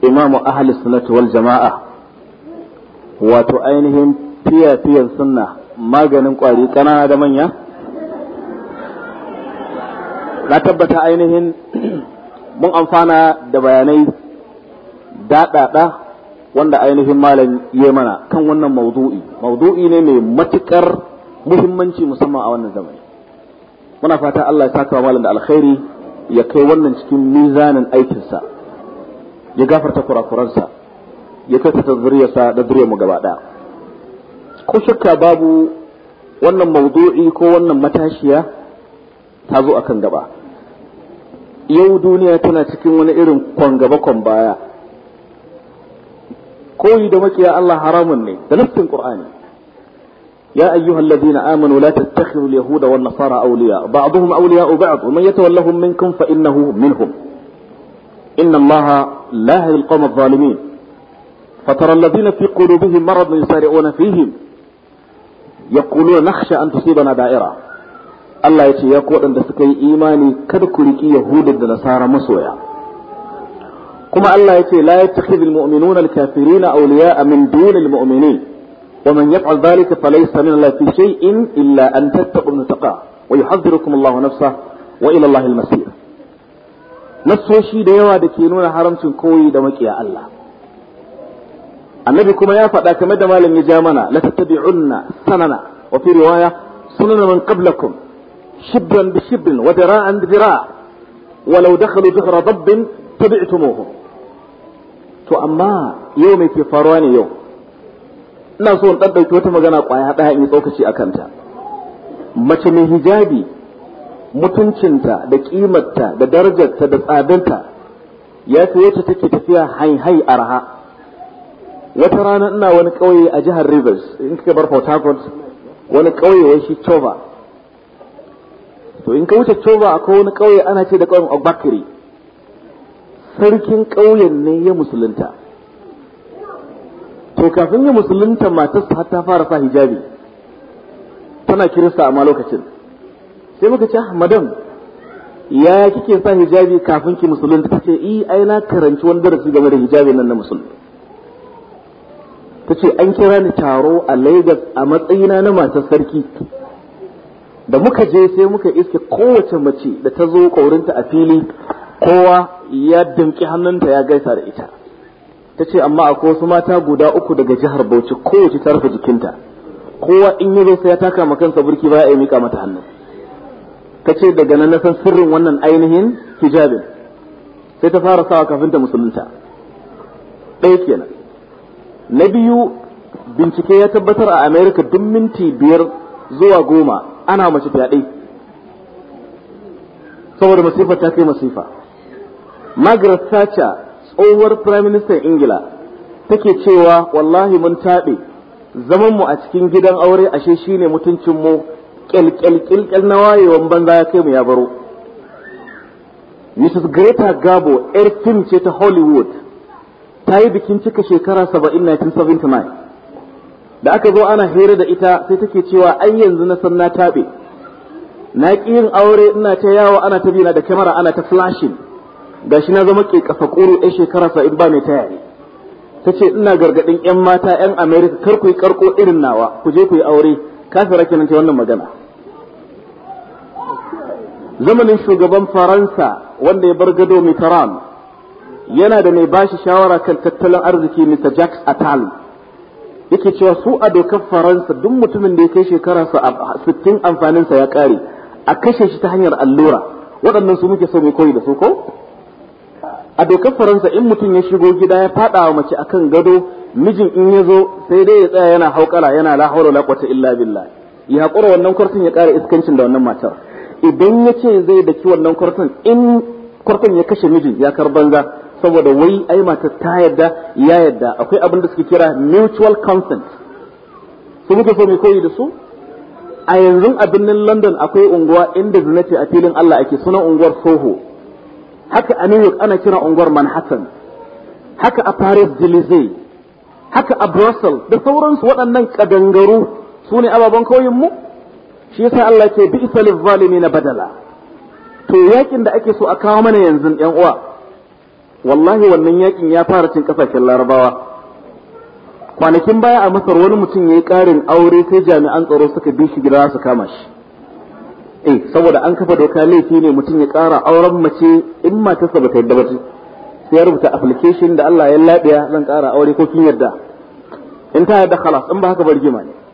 imamu ahli sunnati wal jama'a, wato ainihin fiya-fiyan sunna maganin ƙwari ƙanana da manya. na tabbata ainihin mun amfana da bayanai daɗaɗa wanda ainihin malam ya mana kan wannan maudu'i maudu'i ne mai matuƙar muhimmanci musamman a wannan zamani muna fata Allah ya saka malam da alkhairi ya kai wannan cikin mizanin aikinsa ya gafarta kurakuransa ya kai ta zuriyarsa da zuriyar mu gaba da ko shakka babu wannan maudu'i ko wannan matashiya ta zo akan gaba yau duniya tana cikin wani irin kwangaba kwan baya koyi da makiya Allah haramun ne da nufin Qur'ani ya ayyuha alladhina amanu la tattakhidhu alyahuda wan nasara awliya ba'dhum awliya ba'd wa man yatawallahum minkum fa innahu minhum inna Allaha la yahdi alqawm adh-dhalimin فترى الذين في قلوبهم مرض يسارعون فيهم يقولون نخشى أن تصيبنا دائرة Allah ya ce ya waɗanda suka yi imani kada ku riƙi yahuda da nasara masoya kuma Allah ya ce la yattakhidhul mu'minuna al-kafirina awliya'a min dunil mu'minin wa man yaf'al dhalika falaysa min Allah fi shay'in illa an tattaqu taqa wa yuhadhdhirukum Allahu nafsa wa ila Allahi al-masir nassoshi da yawa da ke nuna haramcin koyi da makiya Allah annabi kuma ya faɗa kamar da malam ya ja mana la tattabi'unna sanana wa fi riwaya sunan man qablakum شبرا بشبر وذراعا بذراع ولو دخلوا ظهر ضب تو اما يوم في فاروان يوم لا صون تبعي توتم غنا قايا بها اني توكسي اكانتا ما تمي هجابي متنشنتا دكيمتا دارجتا دسابنتا ياتي تتكي تفيا حي حي ارها وترانا انا ونكوي اجهر ريفرز انك كبر فوتاكوز ونكوي ويشي توبا to in ka wuce coba a wani ƙauye ana ce da ƙauyen ogbakiri sarkin ƙauyen ne ya musulunta to kafin ya musulunta matarsa har ta fara sa hijabi tana kirista amma lokacin sai muka ce ah, madam ya kike sa hijabi kafin ki musulunta ta ce i e, ai na karanci wani darasi game da hijabi nan na musulmi ta ce an kira ni taro a lagos a matsayina na matar sarki da muka je sai muka iske kowace mace da ta zo ƙaurinta a fili kowa ya dimki hannunta ya gaisa da ita ta ce amma akwai wasu mata guda uku daga jihar bauchi kowace ta rufe jikinta kowa in ya zo sai ya taka ma kansa burki ba ya mika mata hannu ta ce daga nan na san sirrin wannan ainihin hijabin sai ta fara sawa kafin ta musulunta ɗaya kenan na biyu bincike ya tabbatar a Amerika duk minti biyar zuwa goma ana mace fyaɗe saboda masifa ta kai masifa Margaret Thatcher tsohuwar Prime Minister Ingila take cewa wallahi mun taɓe zamanmu a cikin gidan aure ashe shine mutuncin mu kyalkyalkyalkyal na wayewan banza ya kai mu ya baro Mrs. Greta gabo 'yar fim ce ta Hollywood ta yi bikin cika shekara 70 1979 da aka zo ana hira da ita sai take cewa ai yanzu na san na taɓe na ƙi yin aure ina ta yawo ana ta bina da kyamara ana ta ga shi na zama ke kafa ƙuru ɗan shekara sa'in ba mai taya ne ta ce ina gargaɗin 'yan mata 'yan amerika kar ku yi karko irin nawa ku je ku yi aure kafin kenan ta wannan magana zamanin shugaban faransa wanda ya bar gado mitterrand yana da mai bashi shawara kan tattalin arziki mr jacques attal yake cewa su a dokar faransa duk mutumin da ya kai shekara sittin amfaninsa ya kare a kashe shi ta hanyar allura waɗannan su muke so mai koyi da su ko a dokar faransa in mutum ya shigo gida ya faɗa wa mace akan gado mijin in ya zo sai dai ya tsaya yana haukala yana la haula la illa billah ya hakura wannan kwartin ya kare iskancin da wannan matar idan ya ce zai daki wannan kwartin in kwartin ya kashe mijin ya kar banza saboda wai ai mata ta yadda ya yadda akwai abin da suke kira mutual consent su muke so mu koyi da su a yanzu a birnin London akwai unguwa inda zina ce a filin Allah ake sunan unguwar Soho haka a New York ana kira unguwar Manhattan haka a Paris Élysée haka a Brussels da sauransu waɗannan kadangaru su ne ababen koyin mu shi yasa Allah ce bi isal na badala to yakin da ake so a kawo mana yanzu yan uwa wallahi wannan yakin ya fara cin kasashen larabawa kwanakin baya a masar wani mutum ya yi karin aure sai jami'an tsaro suka bi shi gida su kama shi eh saboda an kafa doka laifi ne mutum ya kara auren mace in matarsa ba ta yadda ba sai ya rubuta application da Allah ya labiya zan kara aure ko kin yarda in ta yadda khalas in ba haka bar rigima ne